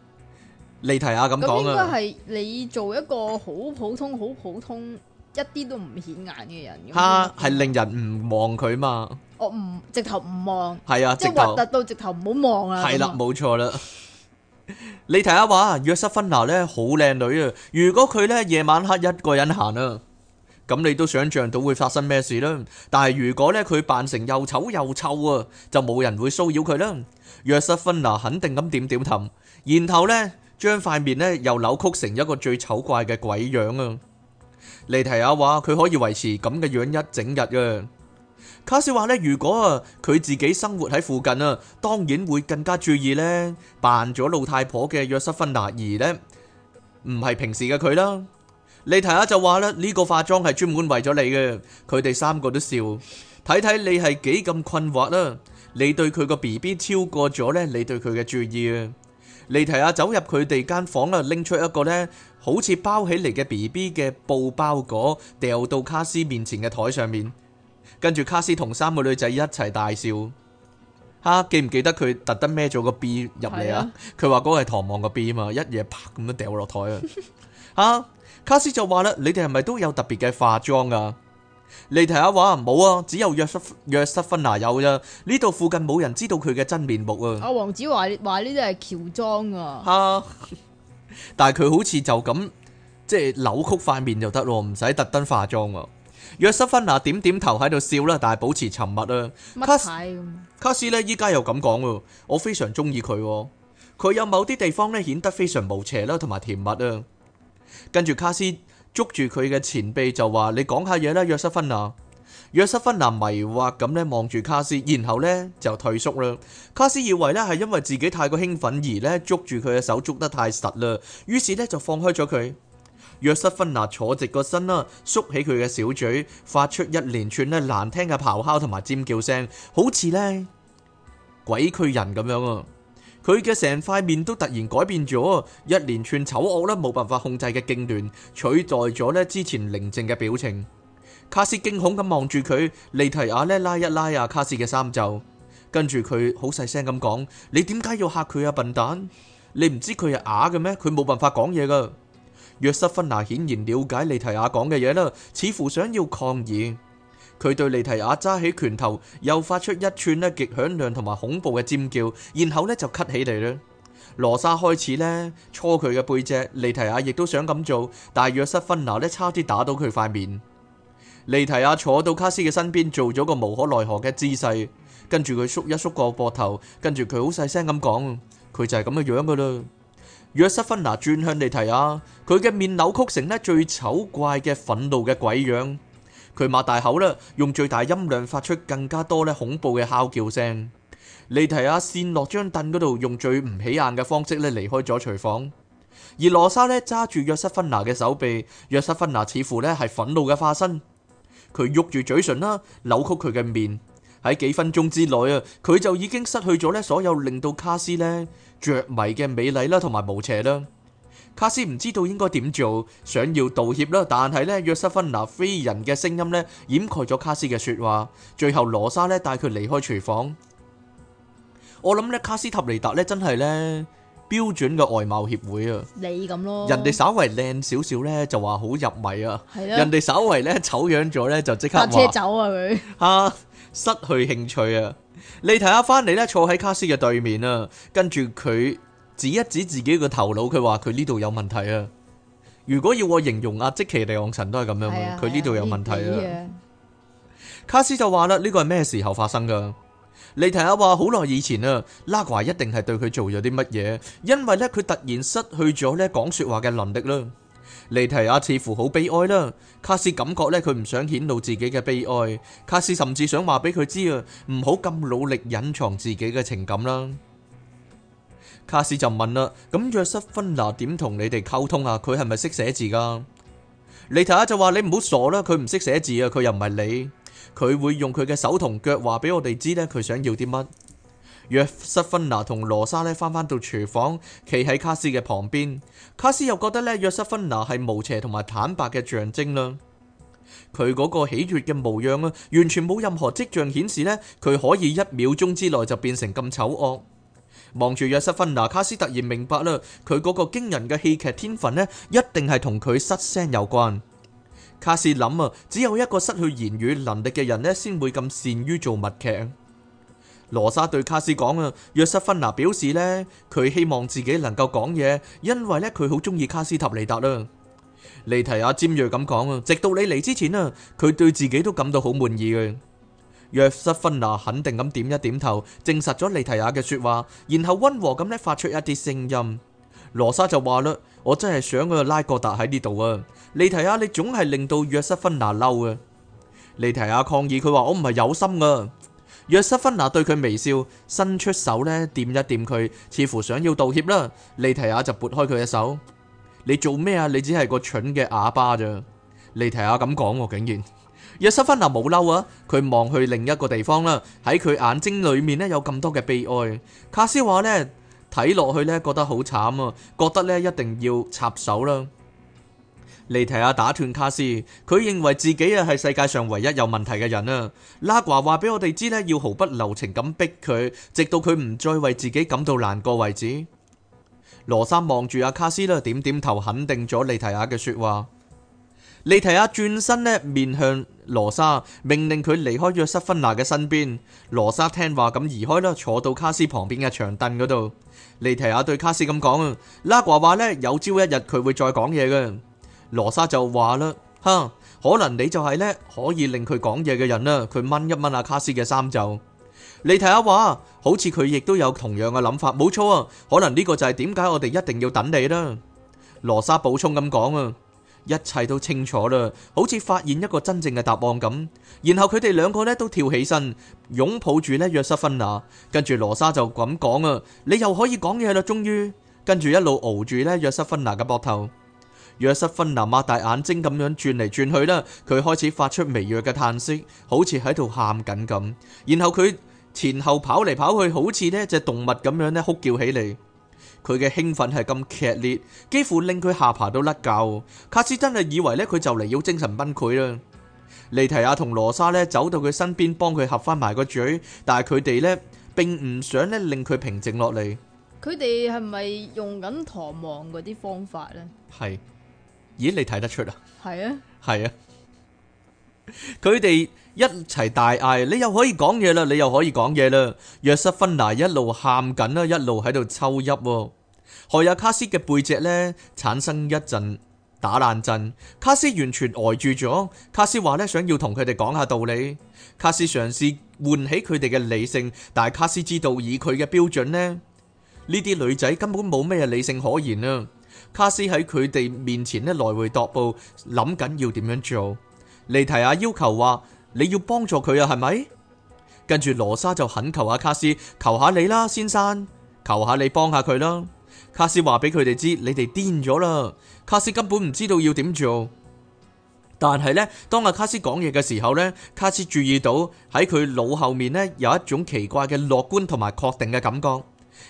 你提下咁講啊，咁應該係你做一個好普通、好普通，一啲都唔顯眼嘅人，吓係令人唔望佢嘛？我唔直頭唔望，係啊，即係核突到直頭唔好望啊！係啦，冇錯啦。你睇下話，約瑟芬娜咧好靚女啊！如果佢咧夜晚黑一個人行啊，咁你都想象到會發生咩事啦。但係如果咧佢扮成又醜又臭啊，就冇人會騷擾佢啦。約瑟芬娜肯定咁點點頭，然後咧將塊面咧又扭曲成一個最醜怪嘅鬼樣啊！莉提亞話佢可以維持咁嘅樣，樣一整日啊。卡斯話呢，如果啊佢自己生活喺附近啊，當然會更加注意呢，扮咗老太婆嘅約瑟芬娜兒呢。唔係平時嘅佢啦。莉提亞就話啦，呢、這個化妝係專門為咗你嘅。佢哋三個都笑，睇睇你係幾咁困惑啦、啊。你對佢個 B B 超過咗呢，你對佢嘅注意啊。莉提亞走入佢哋間房啦，拎出一個咧，好似包起嚟嘅 B B 嘅布包裹，掉到卡斯面前嘅台上面。跟住卡斯同三個女仔一齊大笑。吓，記唔記得佢特登孭咗個 B 入嚟啊？佢話嗰個係唐望個 B 啊嘛，一嘢啪咁樣掉落台啊。吓， 卡斯就話啦，你哋係咪都有特別嘅化妝噶啊？你睇下話唔好啊，只有約瑟約瑟芬娜有咋？呢度附近冇人知道佢嘅真面目啊！阿王子話話呢啲係喬裝啊，吓！但係佢好似就咁即係扭曲塊面就得咯，唔使特登化妝啊！約瑟芬娜點點頭喺度笑啦，但係保持沉默啊。乜卡斯呢，依家又咁講，我非常中意佢，佢有某啲地方呢，顯得非常無邪啦，同埋甜蜜啊！跟住卡斯。捉住佢嘅前臂就話：你講下嘢啦，約瑟芬娜。約瑟芬娜迷惑咁咧望住卡斯，然後咧就退縮啦。卡斯以為咧係因為自己太過興奮而咧捉住佢嘅手捉得太實啦，於是咧就放開咗佢。約瑟芬娜坐直個身啦，縮起佢嘅小嘴，發出一連串咧難聽嘅咆哮同埋尖叫聲，好似咧鬼驅人咁樣啊！佢嘅成塊面都突然改變咗，一連串醜惡咧冇辦法控制嘅痙攣取代咗咧之前寧靜嘅表情。卡斯驚恐咁望住佢，利提亞咧拉一拉啊卡斯嘅衫袖，跟住佢好細聲咁講：你點解要吓佢啊笨蛋？你唔知佢係啞嘅咩？佢冇辦法講嘢噶。約瑟芬娜顯然了解利提亞講嘅嘢啦，似乎想要抗議。佢對尼提亞揸起拳頭，又發出一串呢極響亮同埋恐怖嘅尖叫，然後呢就咳起嚟啦。羅莎開始呢，搓佢嘅背脊，尼提亞亦都想咁做，但係約瑟芬娜呢差啲打到佢塊面。尼提亞坐到卡斯嘅身邊，做咗個無可奈何嘅姿勢，跟住佢縮一縮個膊頭，跟住佢好細聲咁講，佢就係咁嘅樣噶啦。約瑟芬娜轉向尼提亞，佢嘅面扭曲成呢最醜怪嘅憤怒嘅鬼樣。佢擘大口啦，用最大音量發出更加多咧恐怖嘅哮叫聲。莉提亞線落張凳嗰度，用最唔起眼嘅方式咧離開咗廚房。而羅莎咧揸住約瑟芬娜嘅手臂，約瑟芬娜似乎咧係憤怒嘅化身。佢郁住嘴唇啦，扭曲佢嘅面。喺幾分鐘之內啊，佢就已經失去咗咧所有令到卡斯咧着迷嘅美麗啦，同埋無邪啦。卡斯唔知道應該點做，想要道歉啦，但係咧約瑟芬拿非人嘅聲音咧掩蓋咗卡斯嘅說話。最後羅莎咧帶佢離開廚房。我諗咧卡斯塔尼達咧真係咧標準嘅外貌協會啊！你咁咯？人哋稍為靚少少咧就話好入迷啊！係咯？人哋稍為咧醜樣咗咧就即刻搭車走啊，佢吓失去興趣啊！你睇下翻嚟，咧坐喺卡斯嘅對面啊，跟住佢。指一指自己個頭腦，佢話佢呢度有問題啊！如果要我形容啊，即奇地昂神都係咁樣嘅，佢呢度有問題啊！卡斯就話啦，呢個係咩時候發生噶？利提亞話好耐以前啊，拉華一定係對佢做咗啲乜嘢，因為呢，佢突然失去咗呢講說話嘅能力啦。利提亞似乎好悲哀啦，卡斯感覺呢，佢唔想顯露自己嘅悲哀，卡斯甚至想話俾佢知啊，唔好咁努力隱藏自己嘅情感啦。卡斯就問啦：咁、嗯、約瑟芬娜點同你哋溝通啊？佢係咪識寫字噶？利塔就話：你唔好、啊、傻啦，佢唔識寫字啊！佢又唔係你，佢會用佢嘅手同腳話俾我哋知呢，佢想要啲乜？約瑟芬娜同羅莎呢翻返到廚房，企喺卡斯嘅旁邊。卡斯又覺得呢，約瑟芬娜係無邪同埋坦白嘅象徵啦。佢嗰個喜悅嘅模樣啊，完全冇任何跡象顯示呢，佢可以一秒鐘之內就變成咁醜惡。望住約瑟芬娜，卡斯突然明白啦，佢嗰個驚人嘅戲劇天分呢，一定係同佢失聲有關。卡斯諗啊，只有一個失去言語能力嘅人呢，先會咁善於做默劇。羅莎對卡斯講啊，約瑟芬娜表示呢，佢希望自己能夠講嘢，因為呢，佢好中意卡斯塔尼達啦。尼提阿、啊、尖銳咁講啊，直到你嚟之前啊，佢對自己都感到好滿意嘅。約瑟芬娜肯定咁點一點頭，證實咗莉提亞嘅說話，然後溫和咁咧發出一啲聲音。羅莎就話啦：我真係想個拉各達喺呢度啊！莉提亞你總係令到約瑟芬娜嬲啊！莉提亞抗議，佢話我唔係有心噶。約瑟芬娜對佢微笑，伸出手咧掂一掂佢，似乎想要道歉啦。莉提亞就撥開佢嘅手：你做咩啊？你只係個蠢嘅啞巴咋？莉提亞咁講，我竟然。約瑟芬娜，冇嬲啊，佢望去另一個地方啦。喺佢眼睛裏面呢，有咁多嘅悲哀。卡斯話呢，睇落去呢，覺得好慘啊，覺得呢一定要插手啦。利提亞打斷卡斯，佢認為自己啊係世界上唯一有問題嘅人啊。拉瓜話俾我哋知呢，要毫不留情咁逼佢，直到佢唔再為自己感到難過為止。羅莎望住阿卡斯啦，點點頭，肯定咗利提亞嘅說話。利提亞轉身咧，面向羅莎，命令佢離開約瑟芬娜嘅身邊。羅莎聽話咁移開啦，坐到卡斯旁邊嘅長凳嗰度。利提亞對卡斯咁講：，拉瓜話咧，有朝一日佢會再講嘢嘅。羅莎就話啦：，哈，可能你就係咧，可以令佢講嘢嘅人啦。佢掹一掹阿卡斯嘅衫袖。利提亞話：，好似佢亦都有同樣嘅諗法，冇錯啊，可能呢個就係點解我哋一定要等你啦。羅莎補充咁講啊。一切都清楚啦，好似發現一個真正嘅答案咁。然後佢哋兩個咧都跳起身，擁抱住咧約瑟芬娜。跟住羅莎就咁講啊，你又可以講嘢啦，終於。跟住一路熬住咧約瑟芬娜嘅膊頭。約瑟芬娜擘大眼睛咁樣轉嚟轉去啦，佢開始發出微弱嘅嘆息，好似喺度喊緊咁。然後佢前後跑嚟跑去，好似呢隻動物咁樣咧哭叫起嚟。佢嘅興奮係咁劇烈，幾乎令佢下巴都甩教。卡斯真係以為咧佢就嚟要精神崩潰啦。莉提亞同羅莎呢，走到佢身邊幫佢合翻埋個嘴，但係佢哋呢並唔想咧令佢平靜落嚟。佢哋係咪用緊唐望嗰啲方法呢？係，咦？你睇得出啊？係啊，係啊。佢哋一齊大嗌，你又可以講嘢啦，你又可以講嘢啦。約瑟芬娜一路喊緊啦，一路喺度抽泣。何有卡斯嘅背脊呢，產生一陣打冷震。卡斯完全呆住咗。卡斯話呢，想要同佢哋講下道理。卡斯嘗試喚起佢哋嘅理性，但係卡斯知道以佢嘅標準呢，呢啲女仔根本冇咩理性可言啦。卡斯喺佢哋面前呢，來回踱步，諗緊要點樣做。嚟提下要求，話你要幫助佢啊，係咪？跟住羅莎就懇求阿卡斯，求下你啦，先生，求下你幫下佢啦。卡斯話俾佢哋知，你哋癲咗啦。卡斯根本唔知道要點做，但係呢，當阿卡斯講嘢嘅時候呢，卡斯注意到喺佢腦後面呢，有一種奇怪嘅樂觀同埋確定嘅感覺。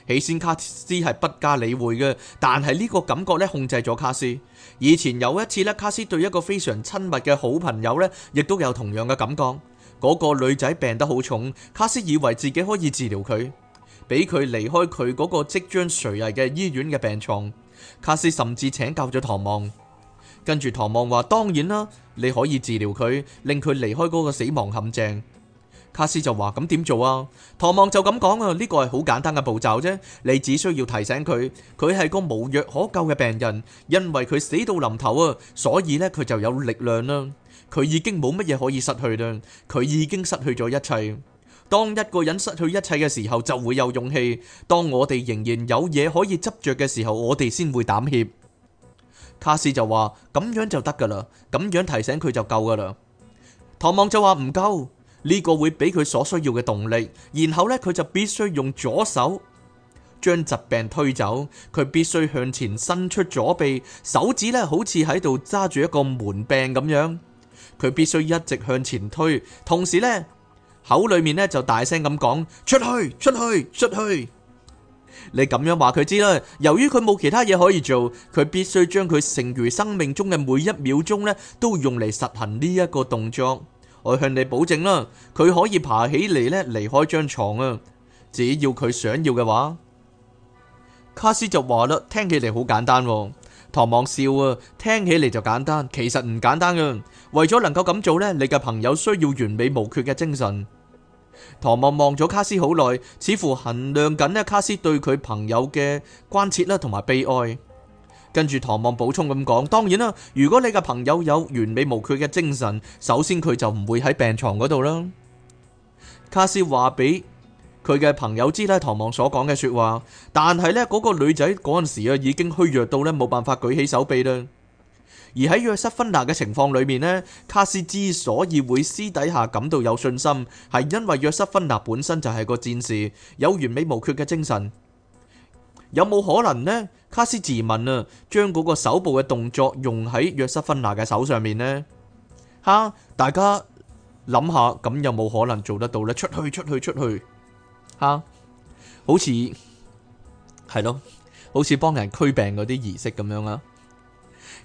起先卡斯係不加理會嘅，但係呢個感覺咧控制咗卡斯。以前有一次咧，卡斯對一個非常親密嘅好朋友咧，亦都有同樣嘅感覺。嗰個女仔病得好重，卡斯以為自己可以治療佢，俾佢離開佢嗰個即將垂危嘅醫院嘅病床。卡斯甚至請教咗唐望，跟住唐望話：當然啦，你可以治療佢，令佢離開嗰個死亡陷阱。卡斯就話：咁點做啊？唐望就咁講啊，呢個係好簡單嘅步驟啫。你只需要提醒佢，佢係個無藥可救嘅病人，因為佢死到臨頭啊，所以呢佢就有力量啦。佢已經冇乜嘢可以失去啦，佢已經失去咗一切。當一個人失去一切嘅時候，就會有勇氣。當我哋仍然有嘢可以執着嘅時候，我哋先會膽怯。卡斯就話：咁樣就得噶啦，咁樣提醒佢就夠噶啦。唐望就話唔夠。呢個會俾佢所需要嘅動力，然後呢，佢就必須用左手將疾病推走，佢必須向前伸出左臂，手指呢好似喺度揸住一個門柄咁樣，佢必須一直向前推，同時呢，口裏面呢就大聲咁講出去，出去，出去，你咁樣話佢知啦。由於佢冇其他嘢可以做，佢必須將佢剩餘生命中嘅每一秒鐘呢都用嚟實行呢一個動作。我向你保證啦，佢可以爬起嚟咧，離開張床啊！只要佢想要嘅話，卡斯就話啦，聽起嚟好簡單。唐望笑啊，聽起嚟就簡單，其實唔簡單啊。為咗能夠咁做呢，你嘅朋友需要完美無缺嘅精神。唐望望咗卡斯好耐，似乎衡量緊咧卡斯對佢朋友嘅關切啦，同埋悲哀。跟住唐望補充咁講，當然啦，如果你嘅朋友有完美無缺嘅精神，首先佢就唔會喺病床嗰度啦。卡斯話俾佢嘅朋友知咧，唐望所講嘅說話，但係咧嗰個女仔嗰陣時啊已經虛弱到咧冇辦法舉起手臂啦。而喺約瑟芬娜嘅情況裏面咧，卡斯之所以會私底下感到有信心，係因為約瑟芬娜本身就係個戰士，有完美無缺嘅精神。有冇可能呢？卡斯自問啊，將嗰個手部嘅動作用喺約瑟芬娜嘅手上面呢？哈，大家諗下，咁有冇可能做得到呢？出去，出去，出去！哈，好似係咯，好似幫人驅病嗰啲儀式咁樣啊！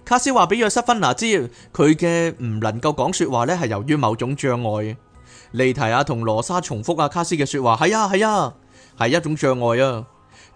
卡斯話俾約瑟芬娜知，佢嘅唔能夠講說話呢係由於某種障礙嘅。利提亞同羅莎重複阿、啊、卡斯嘅說話係啊係啊，係、啊啊、一種障礙啊！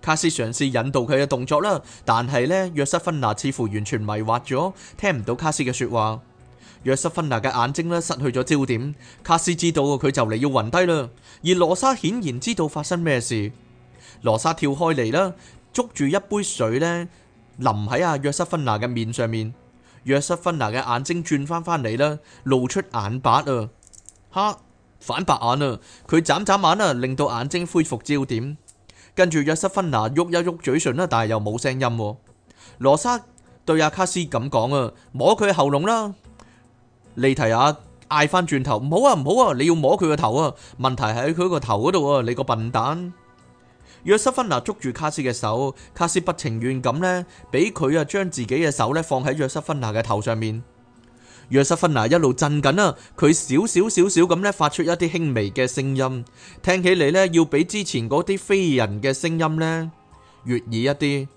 卡斯嘗試引導佢嘅動作啦，但係呢，約瑟芬娜似乎完全迷惑咗，聽唔到卡斯嘅說話。約瑟芬娜嘅眼睛咧失去咗焦點，卡斯知道佢就嚟要暈低啦。而羅莎顯然知道發生咩事，羅莎跳開嚟啦，捉住一杯水呢淋喺阿約瑟芬娜嘅面上面。約瑟芬娜嘅眼睛轉翻返嚟啦，露出眼白啊，吓反白眼啊，佢眨眨眨眼啊，令到眼睛恢復焦點。跟住約瑟芬娜喐一喐嘴唇啦，但係又冇聲音。羅莎對阿卡斯咁講啊，摸佢喉嚨啦。利提亞嗌翻轉頭，唔好啊，唔好啊，你要摸佢個頭啊？問題喺佢個頭嗰度啊，你個笨蛋！約瑟芬娜捉住卡斯嘅手，卡斯不情願咁呢，俾佢啊將自己嘅手呢放喺約瑟芬娜嘅頭上面。約瑟芬娜一路震緊啊！佢少少少少咁咧，發出一啲輕微嘅聲音，聽起嚟咧，要比之前嗰啲非人嘅聲音咧悅耳一啲。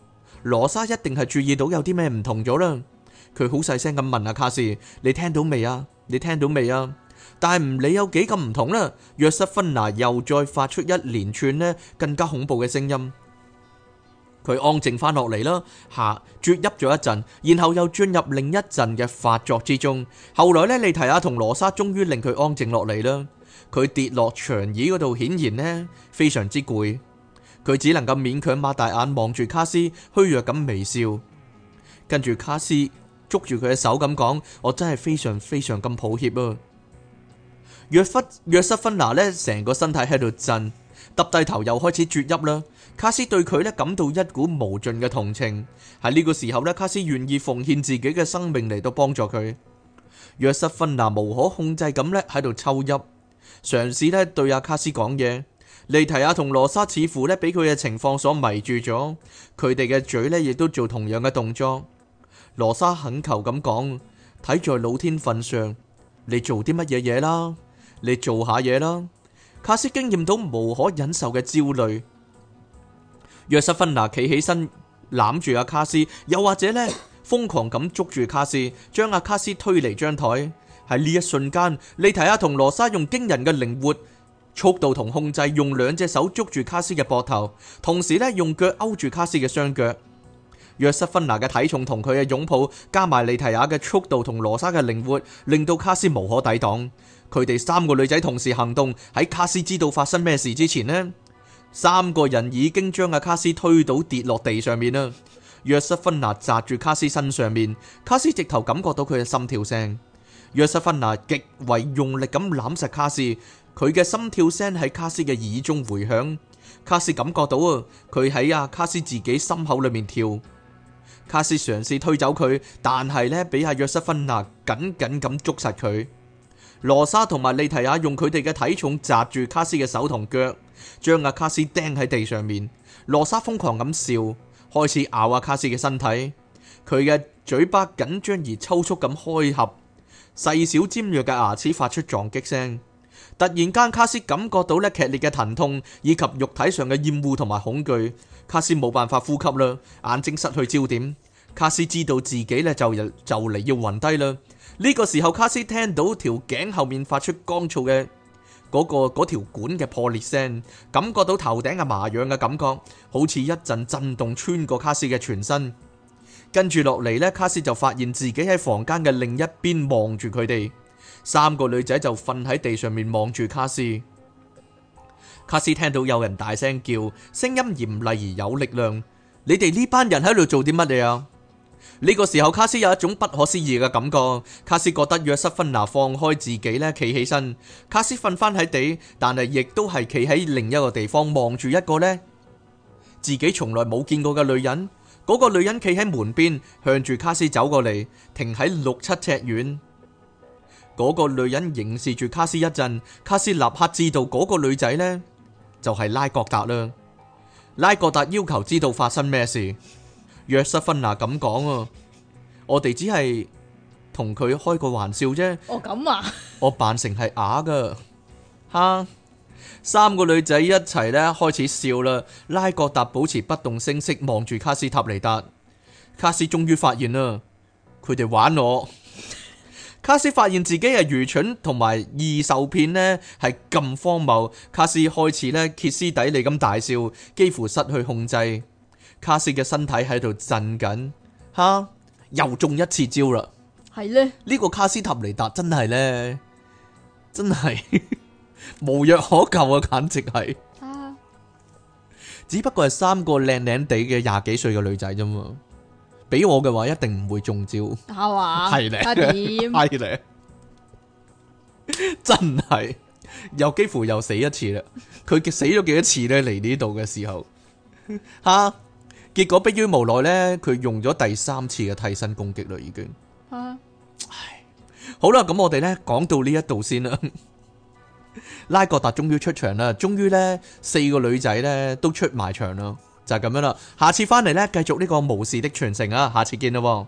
羅莎一定係注意到有啲咩唔同咗啦。佢好細聲咁問阿卡士，你聽到未啊？你聽到未啊？但係唔理有幾咁唔同啦，約瑟芬娜又再發出一連串呢，更加恐怖嘅聲音。佢安靜翻落嚟啦，吓，啜泣咗一陣，然後又進入另一陣嘅發作之中。後來呢，你提亞同羅莎，終於令佢安靜落嚟啦。佢跌落長椅嗰度，顯然呢非常之攰。佢只能夠勉強擘大眼望住卡斯，虛弱咁微笑。跟住卡斯捉住佢嘅手咁講：我真係非常非常咁抱歉啊！約瑟芬娜呢，成個身體喺度震，耷低頭又開始啜泣啦。卡斯對佢咧，感到一股無盡嘅同情，喺呢個時候咧，卡斯願意奉獻自己嘅生命嚟到幫助佢。約瑟芬娜無可控制咁咧，喺度抽泣，嘗試咧對阿卡斯講嘢。利提亞同羅莎似乎咧俾佢嘅情況所迷住咗，佢哋嘅嘴咧，亦都做同樣嘅動作。羅莎懇求咁講：「睇在老天份上，你做啲乜嘢嘢啦？你做下嘢啦！卡斯經驗到無可忍受嘅焦慮。約瑟芬娜企起身攬住阿卡斯，又或者呢瘋狂咁捉住卡斯，將阿卡斯推離張台。喺呢一瞬間，利提亞同羅莎用驚人嘅靈活、速度同控制，用兩隻手捉住卡斯嘅膊頭，同時呢用腳勾住卡斯嘅雙腳。約瑟芬娜嘅體重同佢嘅擁抱，加埋利提亞嘅速度同羅莎嘅靈活，令到卡斯無可抵擋。佢哋三個女仔同時行動，喺卡斯知道發生咩事之前呢，三個人已經將阿卡斯推倒跌落地上面啦。約瑟芬娜砸住卡斯身上面，卡斯直頭感覺到佢嘅心跳聲。約瑟芬娜極為用力咁攬實卡斯，佢嘅心跳聲喺卡斯嘅耳中回響。卡斯感覺到啊，佢喺阿卡斯自己心口裏面跳。卡斯嘗試推走佢，但係呢，俾阿約瑟芬娜緊緊咁捉實佢。羅莎同埋莉提亞用佢哋嘅體重砸住卡斯嘅手同腳。將阿卡斯釘喺地上面，羅莎瘋狂咁笑，開始咬阿卡斯嘅身體。佢嘅嘴巴緊張而抽搐咁開合，細小尖銳嘅牙齒發出撞擊聲。突然間，卡斯感覺到咧劇烈嘅疼痛以及肉體上嘅厭惡同埋恐懼。卡斯冇辦法呼吸啦，眼睛失去焦點。卡斯知道自己咧就就嚟要暈低啦。呢、這個時候，卡斯聽到條頸後面發出乾燥嘅。嗰、嗰個嗰條管嘅破裂聲，感覺到頭頂嘅麻癢嘅感覺，好似一陣震動穿過卡斯嘅全身。跟住落嚟呢，卡斯就發現自己喺房間嘅另一邊，望住佢哋三個女仔，就瞓喺地上面望住卡斯。卡斯聽到有人大聲叫，聲音嚴厲而有力量。你哋呢班人喺度做啲乜嘢啊？呢個時候，卡斯有一種不可思議嘅感覺。卡斯覺得約瑟芬娜放開自己呢，企起身。卡斯瞓翻喺地，但係亦都係企喺另一個地方望住一個呢，自己從來冇見過嘅女人。嗰個女人企喺門邊，向住卡斯走過嚟，停喺六七尺遠。嗰個女人凝視住卡斯一陣，卡斯立刻知道嗰個女仔呢，就係拉各達啦。拉各達要求知道發生咩事。約瑟芬娜咁講啊，我哋只係同佢開個玩笑啫。哦，咁啊，我扮成係啞噶吓。三個女仔一齊呢，開始笑啦，拉各達保持不動聲色，望住卡斯塔尼達。卡斯終於發現啦，佢哋玩我。卡斯發現自己係愚蠢同埋易受騙呢係咁荒謬。卡斯開始呢，歇斯底里咁大笑，幾乎失去控制。卡斯嘅身體喺度震緊，哈！又中一次招啦，係咧？呢個卡斯塔尼達真係咧，真係無藥可救啊！簡直係，啊、只不過係三個靚靚地嘅廿幾歲嘅女仔啫嘛，俾我嘅話一定唔會中招，係嘛？係咧？點？係咧？真係又幾乎又死一次啦！佢死咗幾多次咧？嚟呢度嘅時候，哈？結果迫於無奈咧，佢用咗第三次嘅替身攻擊啦，已經。啊，唉，好啦，咁我哋咧講到呢一度先啦。拉格達終於出場啦，終於咧四個女仔咧都出埋場啦，就係咁樣啦。下次翻嚟咧，繼續呢個巫士的傳承啊，下次見啦。